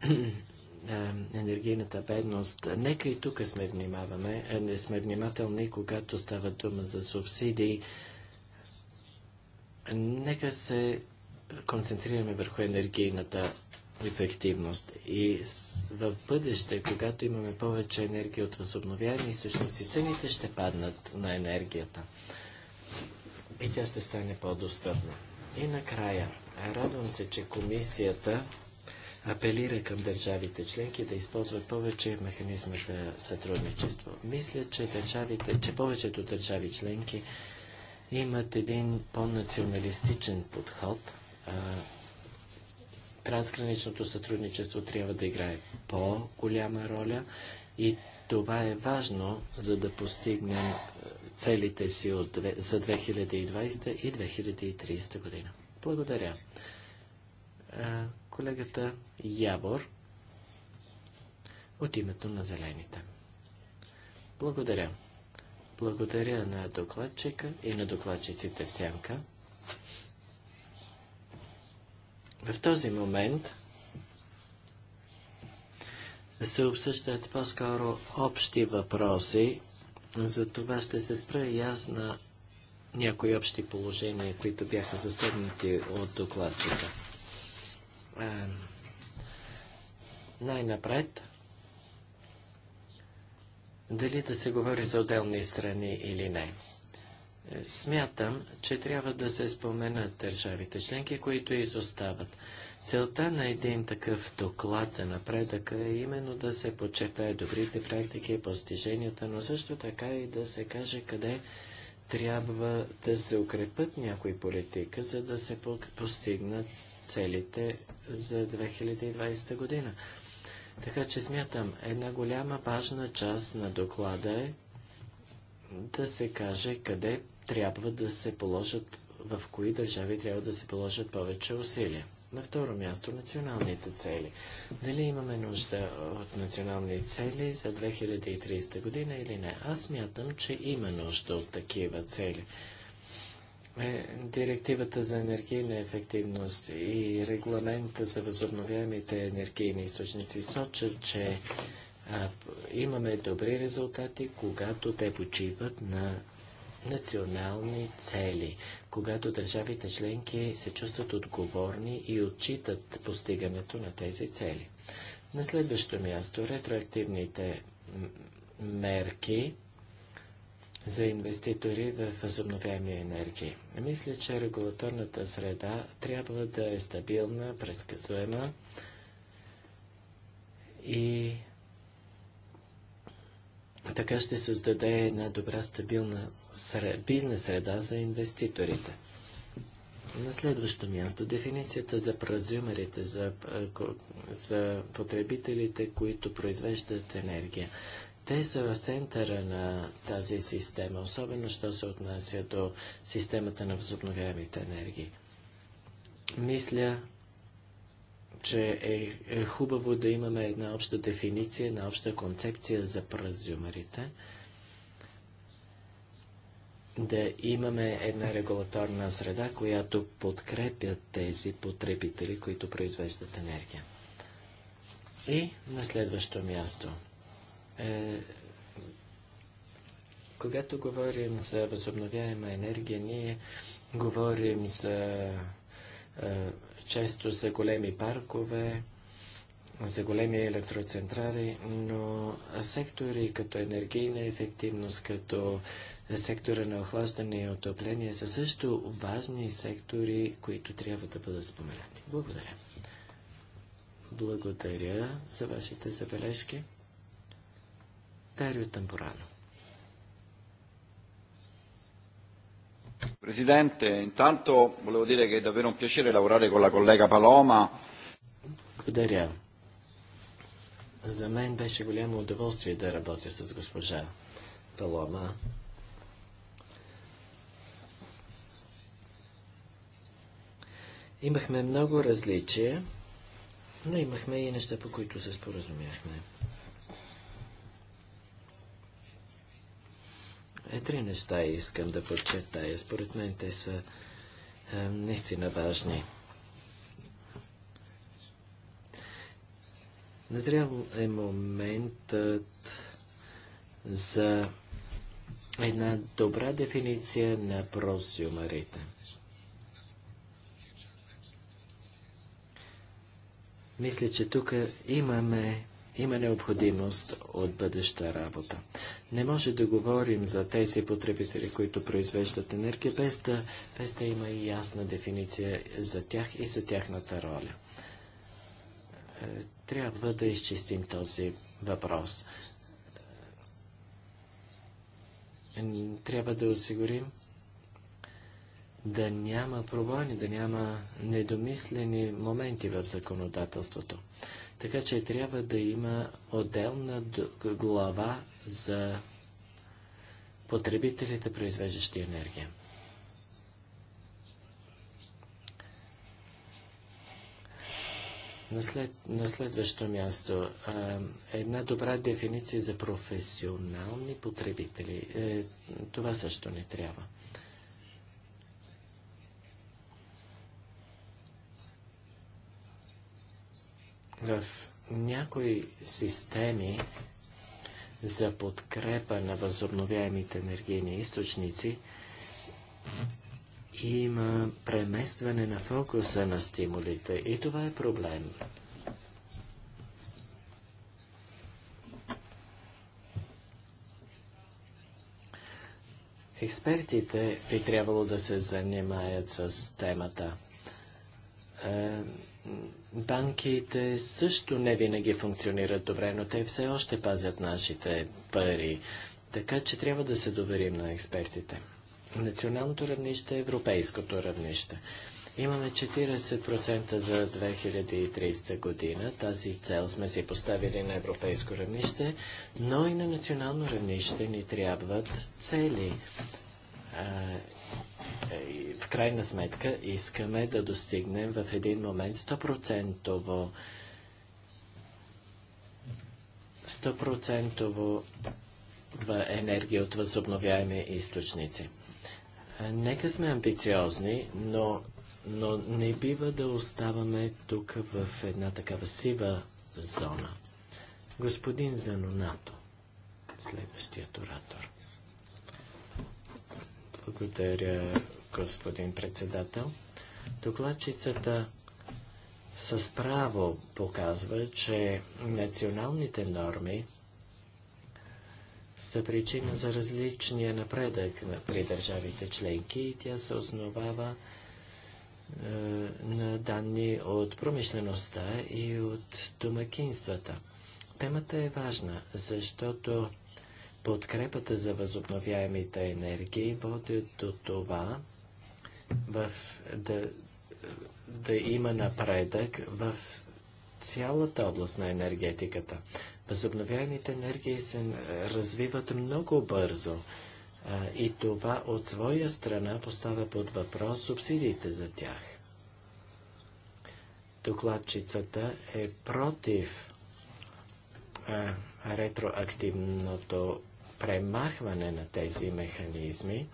<clears throat> енергийната бедност. Нека и тук сме внимаваме, не сме внимателни, когато става дума за субсидии. Нека се концентрираме върху енергийната ефективност. И в бъдеще, когато имаме повече енергия от възобновяеми източници, цените ще паднат на енергията. И тя ще стане по-достъпна. И накрая, радвам се, че комисията апелира към държавите членки да използват повече механизма за сътрудничество. Мисля, че, държавите, че повечето държави членки имат един по-националистичен подход, трансграничното сътрудничество трябва да играе по-голяма роля и това е важно, за да постигнем е, целите си от, за 2020 и 2030 година. Благодаря. Е, колегата Явор от името на Зелените. Благодаря. Благодаря на докладчика и на докладчиците в Сянка. В този момент се обсъждат по-скоро общи въпроси, за това ще се спра и аз на някои общи положения, които бяха заседнати от докладчика. Най-напред, дали да се говори за отделни страни или не. Смятам, че трябва да се споменат държавите членки, които изостават. Целта на един такъв доклад за напредъка е именно да се подчертае добрите практики и постиженията, но също така и да се каже къде трябва да се укрепят някои политика, за да се постигнат целите за 2020 година. Така че смятам, една голяма важна част на доклада е да се каже къде трябва да се положат, в кои държави трябва да се положат повече усилия. На второ място националните цели. Дали имаме нужда от национални цели за 2030 година или не? Аз мятам, че има нужда от такива цели. Е, директивата за енергийна ефективност и регламента за възобновяемите енергийни източници сочат, че а, имаме добри резултати, когато те почиват на национални цели, когато държавите членки се чувстват отговорни и отчитат постигането на тези цели. На следващо място ретроактивните мерки за инвеститори в възобновяеми енергии. Мисля, че регулаторната среда трябва да е стабилна, предсказуема и така ще създаде една добра стабилна бизнес среда за инвеститорите. На следващо място дефиницията за празюмерите, за, е, за потребителите, които произвеждат енергия. Те са в центъра на тази система, особено що се отнася до системата на възобновяемите енергии. Мисля, че е, е хубаво да имаме една обща дефиниция, една обща концепция за празюмерите – да имаме една регулаторна среда, която подкрепя тези потребители, които произвеждат енергия. И на следващо място. Е, когато говорим за възобновяема енергия, ние говорим за е, често за големи паркове, за големи електроцентрали, но сектори като енергийна ефективност, като сектора на охлаждане и отопление са също важни сектори, които трябва да бъдат споменати. Благодаря. Благодаря за вашите забележки. Дарио Тамбурано. Presidente, intanto volevo dire che è davvero un piacere lavorare con la collega Paloma. Благодаря. За мен беше голямо удоволствие да работя с госпожа Палома. Имахме много различия, но имахме и неща, по които се споразумяхме. Е, три неща искам да подчертая. Според мен те са е, наистина важни. Назрял е моментът за една добра дефиниция на просюмарите – Мисля, че тук имаме, има необходимост от бъдеща работа. Не може да говорим за тези потребители, които произвеждат енергия, без да, без да има и ясна дефиниция за тях и за тяхната роля. Е, трябва да изчистим този въпрос. Е, трябва да осигурим да няма пробойни, да няма недомислени моменти в законодателството. Така че трябва да има отделна глава за потребителите, произвеждащи енергия. На, след, на следващо място, а, една добра дефиниция за професионални потребители. Е, това също не трябва. В някои системи за подкрепа на възобновяемите енергийни източници има преместване на фокуса на стимулите и това е проблем. Експертите би трябвало да се занимаят с темата. Е, банките също не винаги функционират добре, но те все още пазят нашите пари. Така че трябва да се доверим на експертите. Националното равнище, европейското равнище. Имаме 40% за 2030 година. Тази цел сме си поставили на европейско равнище, но и на национално равнище ни трябват цели. Е, в крайна сметка искаме да достигнем в един момент 100% 100% енергия от възобновяеми източници. Е, нека сме амбициозни, но, но не бива да оставаме тук в една такава сива зона. Господин Занонато, следващият оратор. Благодаря, господин председател. Докладчицата с право показва, че националните норми са причина за различния напредък при държавите членки и тя се основава е, на данни от промишлеността и от домакинствата. Темата е важна, защото Подкрепата за възобновяемите енергии води до това в, да, да има напредък в цялата област на енергетиката. Възобновяемите енергии се развиват много бързо а, и това от своя страна поставя под въпрос субсидиите за тях. Докладчицата е против а, ретроактивното премахване на тези механизми,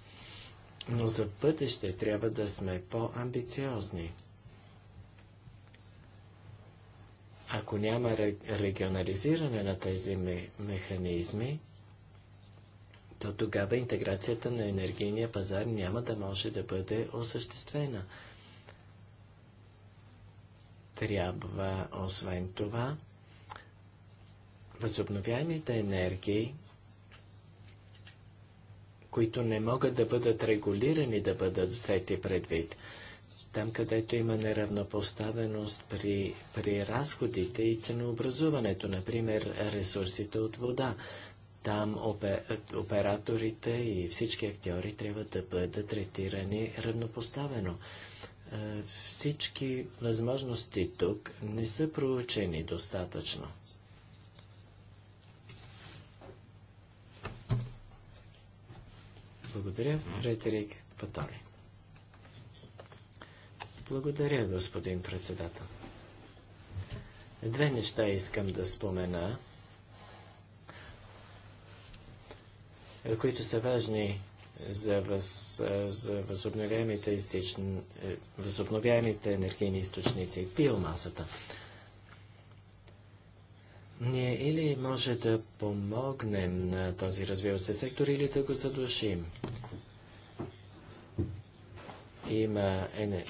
но за бъдеще трябва да сме по-амбициозни. Ако няма регионализиране на тези механизми, то тогава интеграцията на енергийния пазар няма да може да бъде осъществена. Трябва, освен това, възобновяемите енергии които не могат да бъдат регулирани, да бъдат взети предвид. Там, където има неравнопоставеност при, при разходите и ценообразуването, например ресурсите от вода, там операторите и всички актьори трябва да бъдат третирани равнопоставено. Е, всички възможности тук не са проучени достатъчно. Благодаря, Фредерик Патори. Благодаря, господин председател. Две неща искам да спомена, които са важни за, въз, за възобновяемите, възобновяемите енергийни източници, биомасата. Ние или може да помогнем на този развиващ се сектор, или да го задушим. Има ене,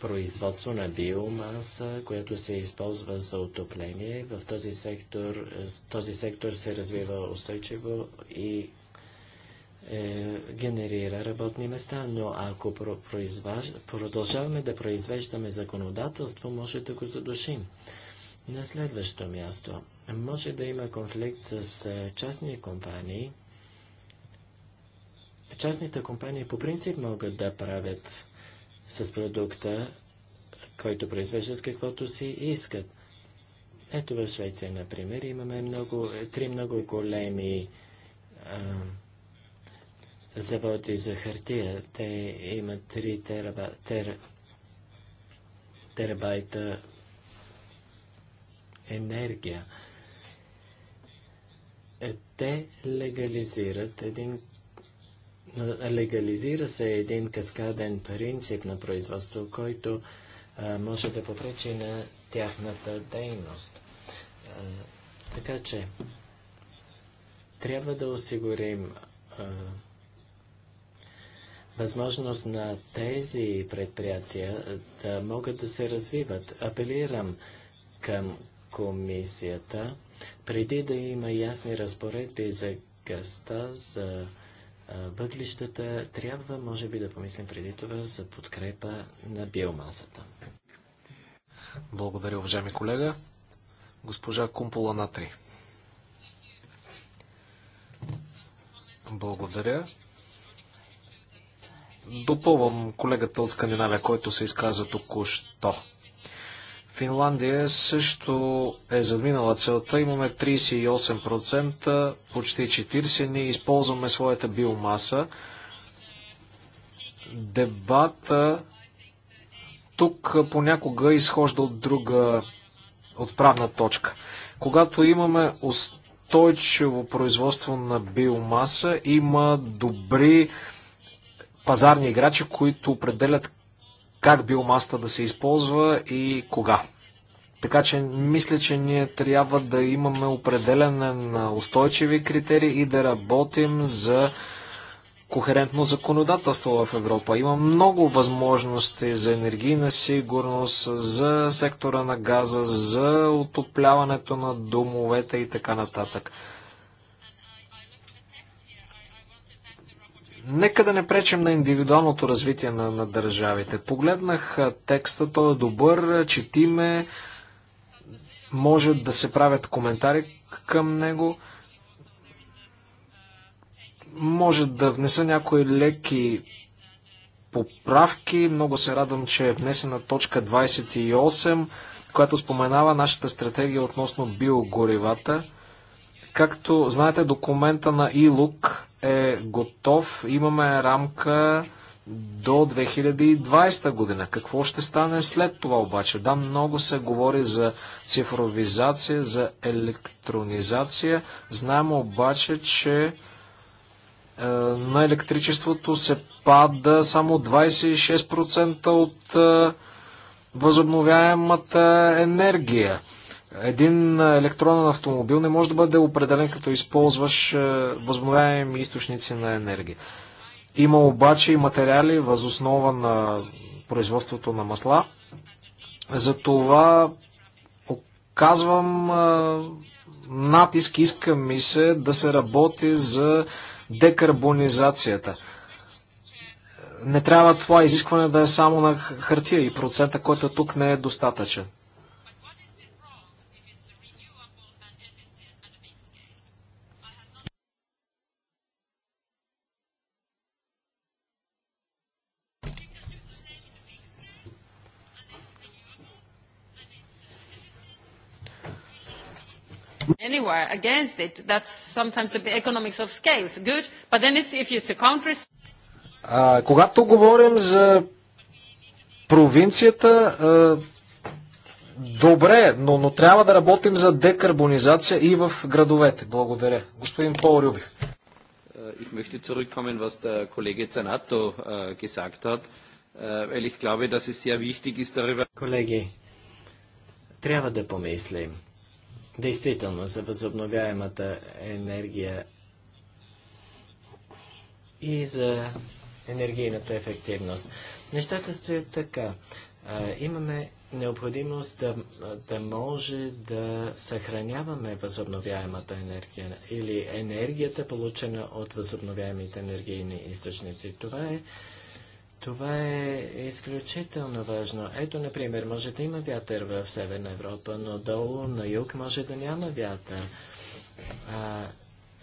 производство на биомаса, което се използва за отопление. В този сектор, този сектор се развива устойчиво и е, генерира работни места, но ако произваж... продължаваме да произвеждаме законодателство, може да го задушим. На следващо място, може да има конфликт с е, частни компании. Частните компании по принцип могат да правят с продукта, който произвеждат каквото си искат. Ето в Швеция, например, имаме много, е, три много големи а, заводи за хартия. Те имат 3 тераба, тер, терабайта енергия. Е, те легализират един легализира се един каскаден принцип на производство, който а, може да попречи на тяхната дейност. А, така че трябва да осигурим а, възможност на тези предприятия да могат да се развиват. Апелирам към комисията, преди да има ясни разпоредби за гъста, за въглищата, трябва, може би, да помислим преди това за подкрепа на биомасата. Благодаря, уважаеми колега. Госпожа Кумпола Натри. Благодаря. Допълвам колегата от Скандинавия, който се изказа току-що. Финландия също е задминала целта. Имаме 38%, почти 40%. Ние използваме своята биомаса. Дебата тук понякога изхожда от друга отправна точка. Когато имаме устойчиво производство на биомаса, има добри пазарни играчи, които определят как биомаста да се използва и кога. Така че мисля, че ние трябва да имаме определене на устойчиви критерии и да работим за кохерентно законодателство в Европа. Има много възможности за енергийна сигурност, за сектора на газа, за отопляването на домовете и така нататък. Нека да не пречим на индивидуалното развитие на, на държавите. Погледнах текста, той е добър, четиме, може да се правят коментари към него, може да внеса някои леки поправки. Много се радвам, че е внесена точка 28, която споменава нашата стратегия относно биогоривата. Както знаете, документа на ИЛУК е готов. Имаме рамка до 2020 година. Какво ще стане след това обаче? Да, много се говори за цифровизация, за електронизация. Знаем обаче, че е, на електричеството се пада само 26% от е, възобновяемата енергия. Един електронен автомобил не може да бъде определен като използваш е, възобновяеми източници на енергия. Има обаче и материали възоснова на производството на масла. Затова оказвам е, натиск, иска ми се да се работи за декарбонизацията. Не трябва това изискване да е само на хартия и процента, който тук не е достатъчен. anywhere against it. That's sometimes the economics of scales. Good, but then it's, if it's a country... А, когато говорим за провинцията, а, добре, но, но трябва да работим за декарбонизация и в градовете. Благодаря. Господин Пол Рюбих. Ich möchte zurückkommen, was der Kollege Zanato äh, gesagt hat, äh, weil ich glaube, dass es sehr wichtig ist, darüber... Kollege, трябва да помислим Действително, за възобновяемата енергия и за енергийната ефективност. Нещата стоят така. имаме необходимост да, да може да съхраняваме възобновяемата енергия или енергията, получена от възобновяемите енергийни източници. Това е това е изключително важно. Ето, например, може да има вятър в Северна Европа, но долу на юг може да няма вятър. А,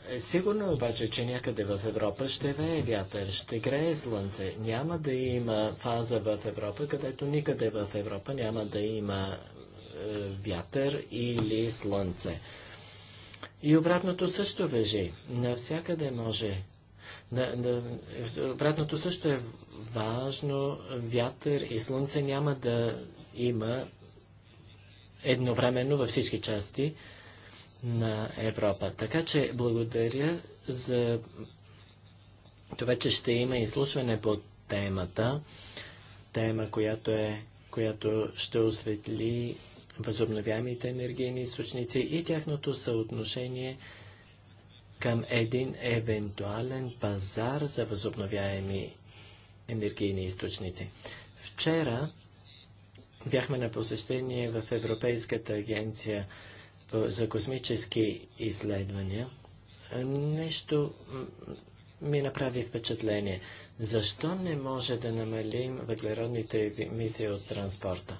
е, сигурно обаче, че някъде в Европа ще вее вятър, ще грее слънце. Няма да има фаза в Европа, където никъде в Европа няма да има е, вятър или слънце. И обратното също въжи. Навсякъде може. На, на, обратното също е важно, вятър и слънце няма да има едновременно във всички части на Европа. Така че благодаря за това, че ще има изслушване по темата, тема, която, е, която ще осветли възобновяемите енергийни източници и тяхното съотношение към един евентуален пазар за възобновяеми енергийни източници. Вчера бяхме на посещение в Европейската агенция за космически изследвания. Нещо ми направи впечатление. Защо не може да намалим въглеродните емисии от транспорта?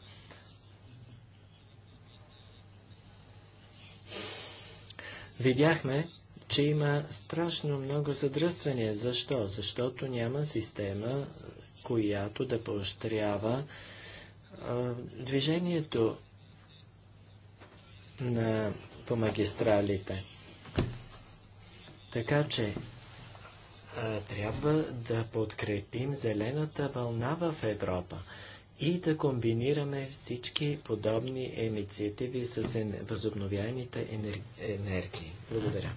Видяхме, че има страшно много задръствания. Защо? Защото няма система, която да поощрява а, движението на, по магистралите. Така че а, трябва да подкрепим зелената вълна в Европа и да комбинираме всички подобни инициативи с възобновяемите енергии. Благодаря.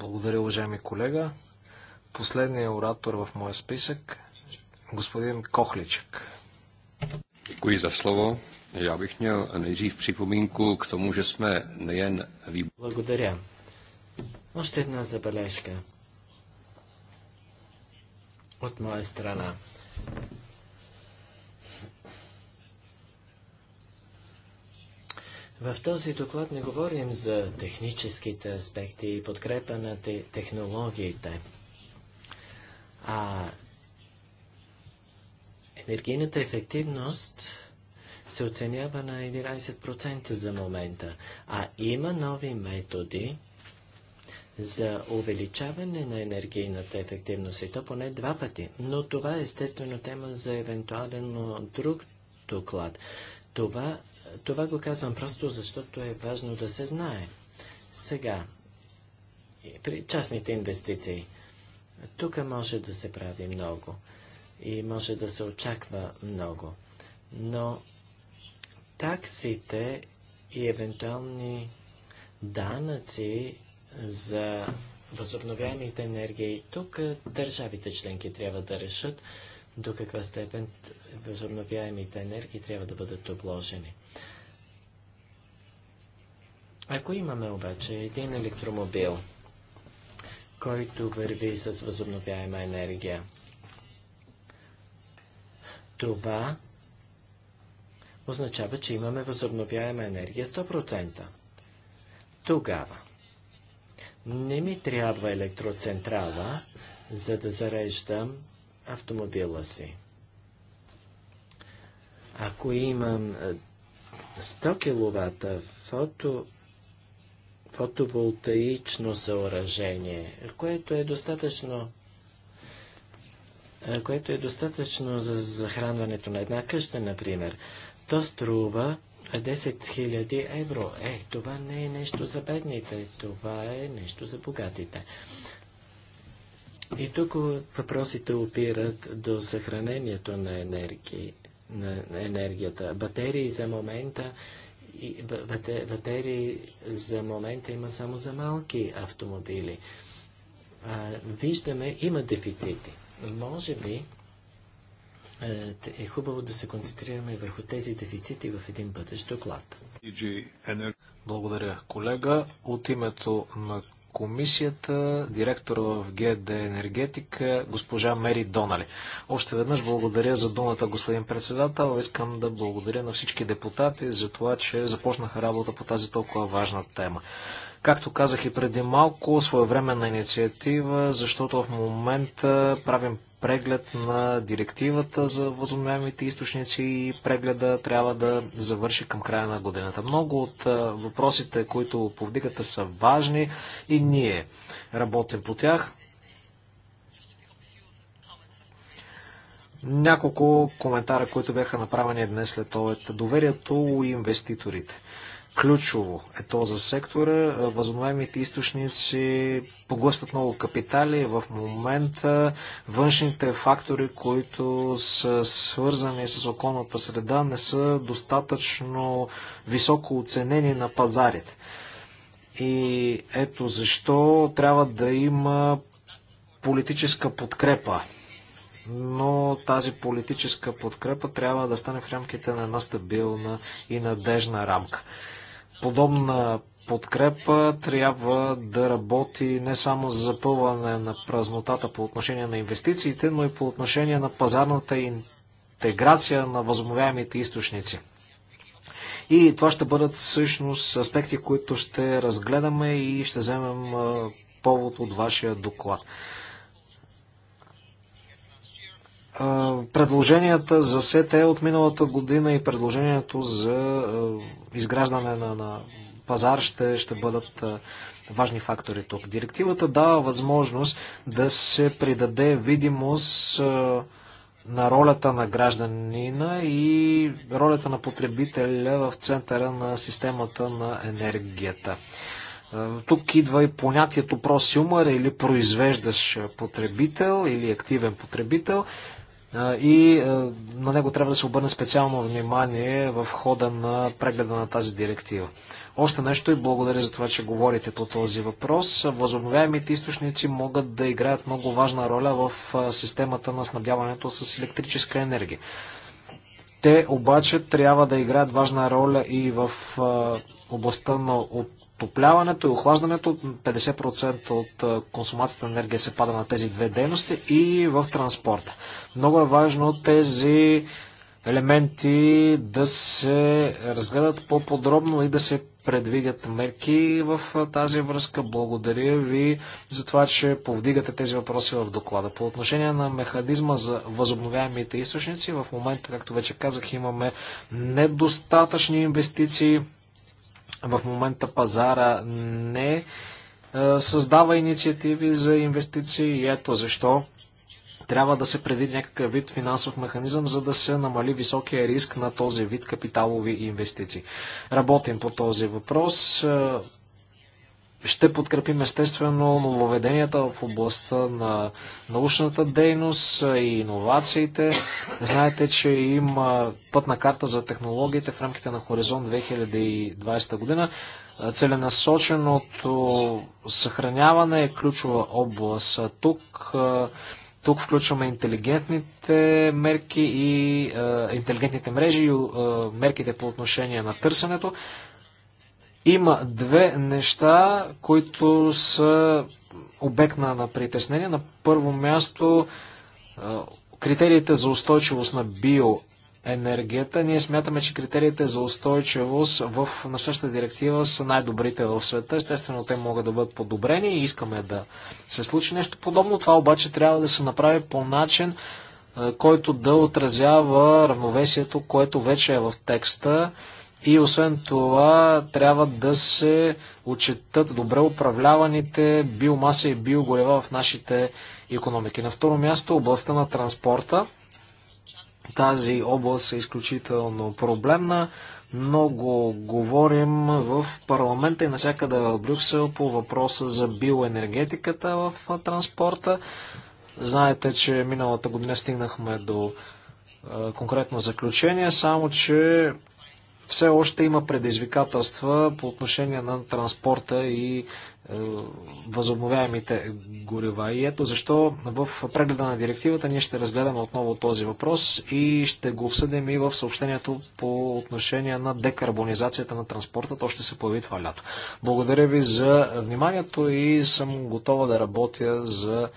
Благодаря, уважаеми колега. Последният оратор в моя списък господин Кохличек. Děkuji za slovo. Já bych měl nejdřív připomínku k tomu, že jsme nejen výbor... Благодаря. Още една забележка от моя страна. В този доклад не говорим за техническите аспекти и подкрепа на те технологиите. А енергийната ефективност се оценява на 11% за момента, а има нови методи за увеличаване на енергийната ефективност и то поне два пъти. Но това е естествено тема за евентуален друг доклад. Това това го казвам просто защото е важно да се знае. Сега, при частните инвестиции, тук може да се прави много и може да се очаква много, но таксите и евентуални данъци за възобновяемите енергии. Тук държавите членки трябва да решат до каква степен възобновяемите енергии трябва да бъдат обложени. Ако имаме обаче един електромобил, който върви с възобновяема енергия, това означава, че имаме възобновяема енергия 100%. Тогава не ми трябва електроцентрала, за да зареждам автомобила си. Ако имам 100 кВт фото фотоволтаично съоръжение, което е достатъчно което е достатъчно за захранването на една къща, например. То струва 10 000 евро. Е, това не е нещо за бедните, това е нещо за богатите. И тук въпросите опират до съхранението на енергии на енергията. Батерии за момента батерии за момента има само за малки автомобили. А, виждаме, има дефицити. Може би е хубаво да се концентрираме върху тези дефицити в един бъдещ доклад. Благодаря, колега. От името на комисията, директора в ГД Енергетика, госпожа Мери Донали. Още веднъж благодаря за думата, господин председател. Искам да благодаря на всички депутати за това, че започнаха работа по тази толкова важна тема. Както казах и преди малко, своевременна инициатива, защото в момента правим преглед на директивата за възобновяемите източници и прегледа трябва да завърши към края на годината. Много от въпросите, които повдигате, са важни и ние работим по тях. Няколко коментара, които бяха направени днес след това. Доверието у инвеститорите ключово е то за сектора. Възобновяемите източници поглъщат много капитали. В момента външните фактори, които са свързани с околната среда, не са достатъчно високо оценени на пазарите. И ето защо трябва да има политическа подкрепа. Но тази политическа подкрепа трябва да стане в рамките на една стабилна и надежна рамка подобна подкрепа трябва да работи не само за запълване на празнотата по отношение на инвестициите, но и по отношение на пазарната интеграция на възобновяемите източници. И това ще бъдат всъщност аспекти, които ще разгледаме и ще вземем повод от вашия доклад предложенията за СЕТЕ от миналата година и предложението за изграждане на, на пазар ще, ще бъдат важни фактори тук. Директивата дава възможност да се придаде видимост на ролята на гражданина и ролята на потребителя в центъра на системата на енергията. Тук идва и понятието просюмър или произвеждаш потребител или активен потребител и на него трябва да се обърне специално внимание в хода на прегледа на тази директива. Още нещо и благодаря за това, че говорите по този въпрос. Възобновяемите източници могат да играят много важна роля в системата на снабдяването с електрическа енергия. Те обаче трябва да играят важна роля и в областта на отопляването и охлаждането, 50% от консумацията на енергия се пада на тези две дейности и в транспорта. Много е важно тези елементи да се разгледат по-подробно и да се предвидят мерки в тази връзка. Благодаря ви за това, че повдигате тези въпроси в доклада. По отношение на механизма за възобновяемите източници, в момента, както вече казах, имаме недостатъчни инвестиции в момента пазара не е, създава инициативи за инвестиции и ето защо трябва да се предвиди някакъв вид финансов механизъм, за да се намали високия риск на този вид капиталови инвестиции. Работим по този въпрос. Е, ще подкрепим естествено нововеденията в областта на научната дейност и иновациите. Знаете, че има пътна карта за технологиите в рамките на Хоризонт 2020 година. Целенасоченото съхраняване е ключова област. Тук тук включваме интелигентните мерки и интелигентните мрежи и мерките по отношение на търсенето. Има две неща, които са обект на, на притеснение. На първо място критериите за устойчивост на биоенергията. Ние смятаме, че критериите за устойчивост в настоящата директива са най-добрите в света. Естествено, те могат да бъдат подобрени и искаме да се случи нещо подобно. Това обаче трябва да се направи по начин, който да отразява равновесието, което вече е в текста. И освен това, трябва да се отчетат добре управляваните биомаса и биогорева в нашите економики. На второ място, областта на транспорта. Тази област е изключително проблемна. Много говорим в парламента и насякъде в Брюксел по въпроса за биоенергетиката в транспорта. Знаете, че миналата година стигнахме до конкретно заключение, само че все още има предизвикателства по отношение на транспорта и е, възобновяемите горива. И ето защо в прегледа на директивата ние ще разгледаме отново този въпрос и ще го обсъдим и в съобщението по отношение на декарбонизацията на транспорта. То ще се появи това лято. Благодаря ви за вниманието и съм готова да работя за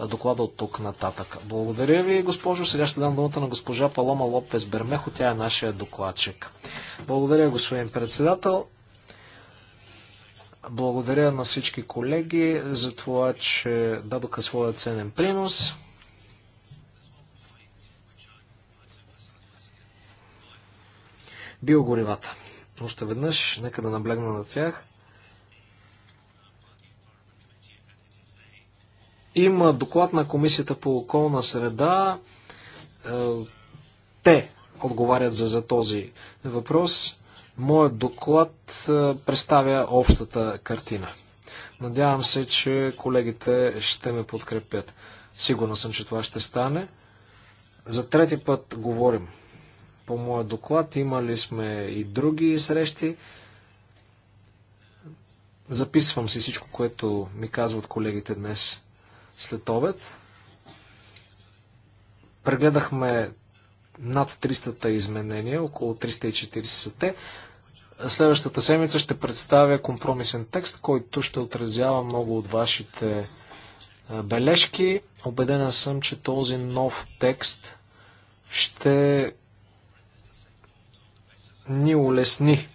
доклада от тук нататък. Благодаря ви, госпожо. Сега ще дам думата на госпожа Палома Лопес Бермехо. Тя е нашия докладчик. Благодаря, господин председател. Благодаря на всички колеги за това, че дадоха своя ценен принос. Биогоривата. Още веднъж, нека да наблегна на тях. Има доклад на Комисията по околна среда. Е, те отговарят за, за този въпрос. Моят доклад е, представя общата картина. Надявам се, че колегите ще ме подкрепят. Сигурно съм, че това ще стане. За трети път говорим по моя доклад. Имали сме и други срещи. Записвам си всичко, което ми казват колегите днес след обед. Прегледахме над 300-та изменения, около 340-те. Следващата седмица ще представя компромисен текст, който ще отразява много от вашите е, бележки. Обедена съм, че този нов текст ще ни улесни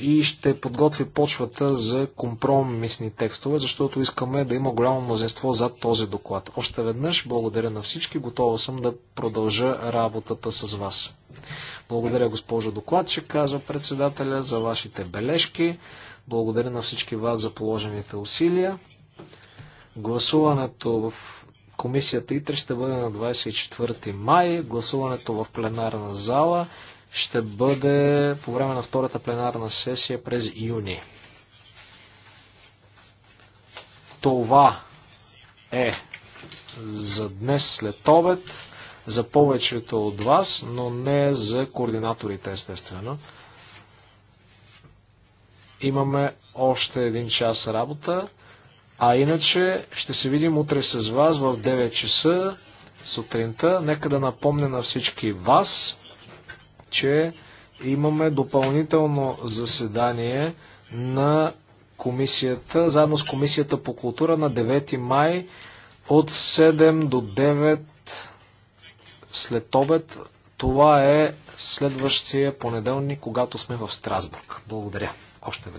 и ще подготви почвата за компромисни текстове, защото искаме да има голямо мнозинство за този доклад. Още веднъж благодаря на всички, готова съм да продължа работата с вас. Благодаря госпожо докладчик, казва председателя, за вашите бележки. Благодаря на всички вас за положените усилия. Гласуването в комисията ИТРЕ ще бъде на 24 май, гласуването в пленарна зала ще бъде по време на втората пленарна сесия през юни. Това е за днес след обед, за повечето от вас, но не за координаторите, естествено. Имаме още един час работа, а иначе ще се видим утре с вас в 9 часа сутринта. Нека да напомня на всички вас, че имаме допълнително заседание на комисията, заедно с комисията по култура на 9 май от 7 до 9 след обед. Това е следващия понеделник, когато сме в Страсбург. Благодаря. Още веднъж.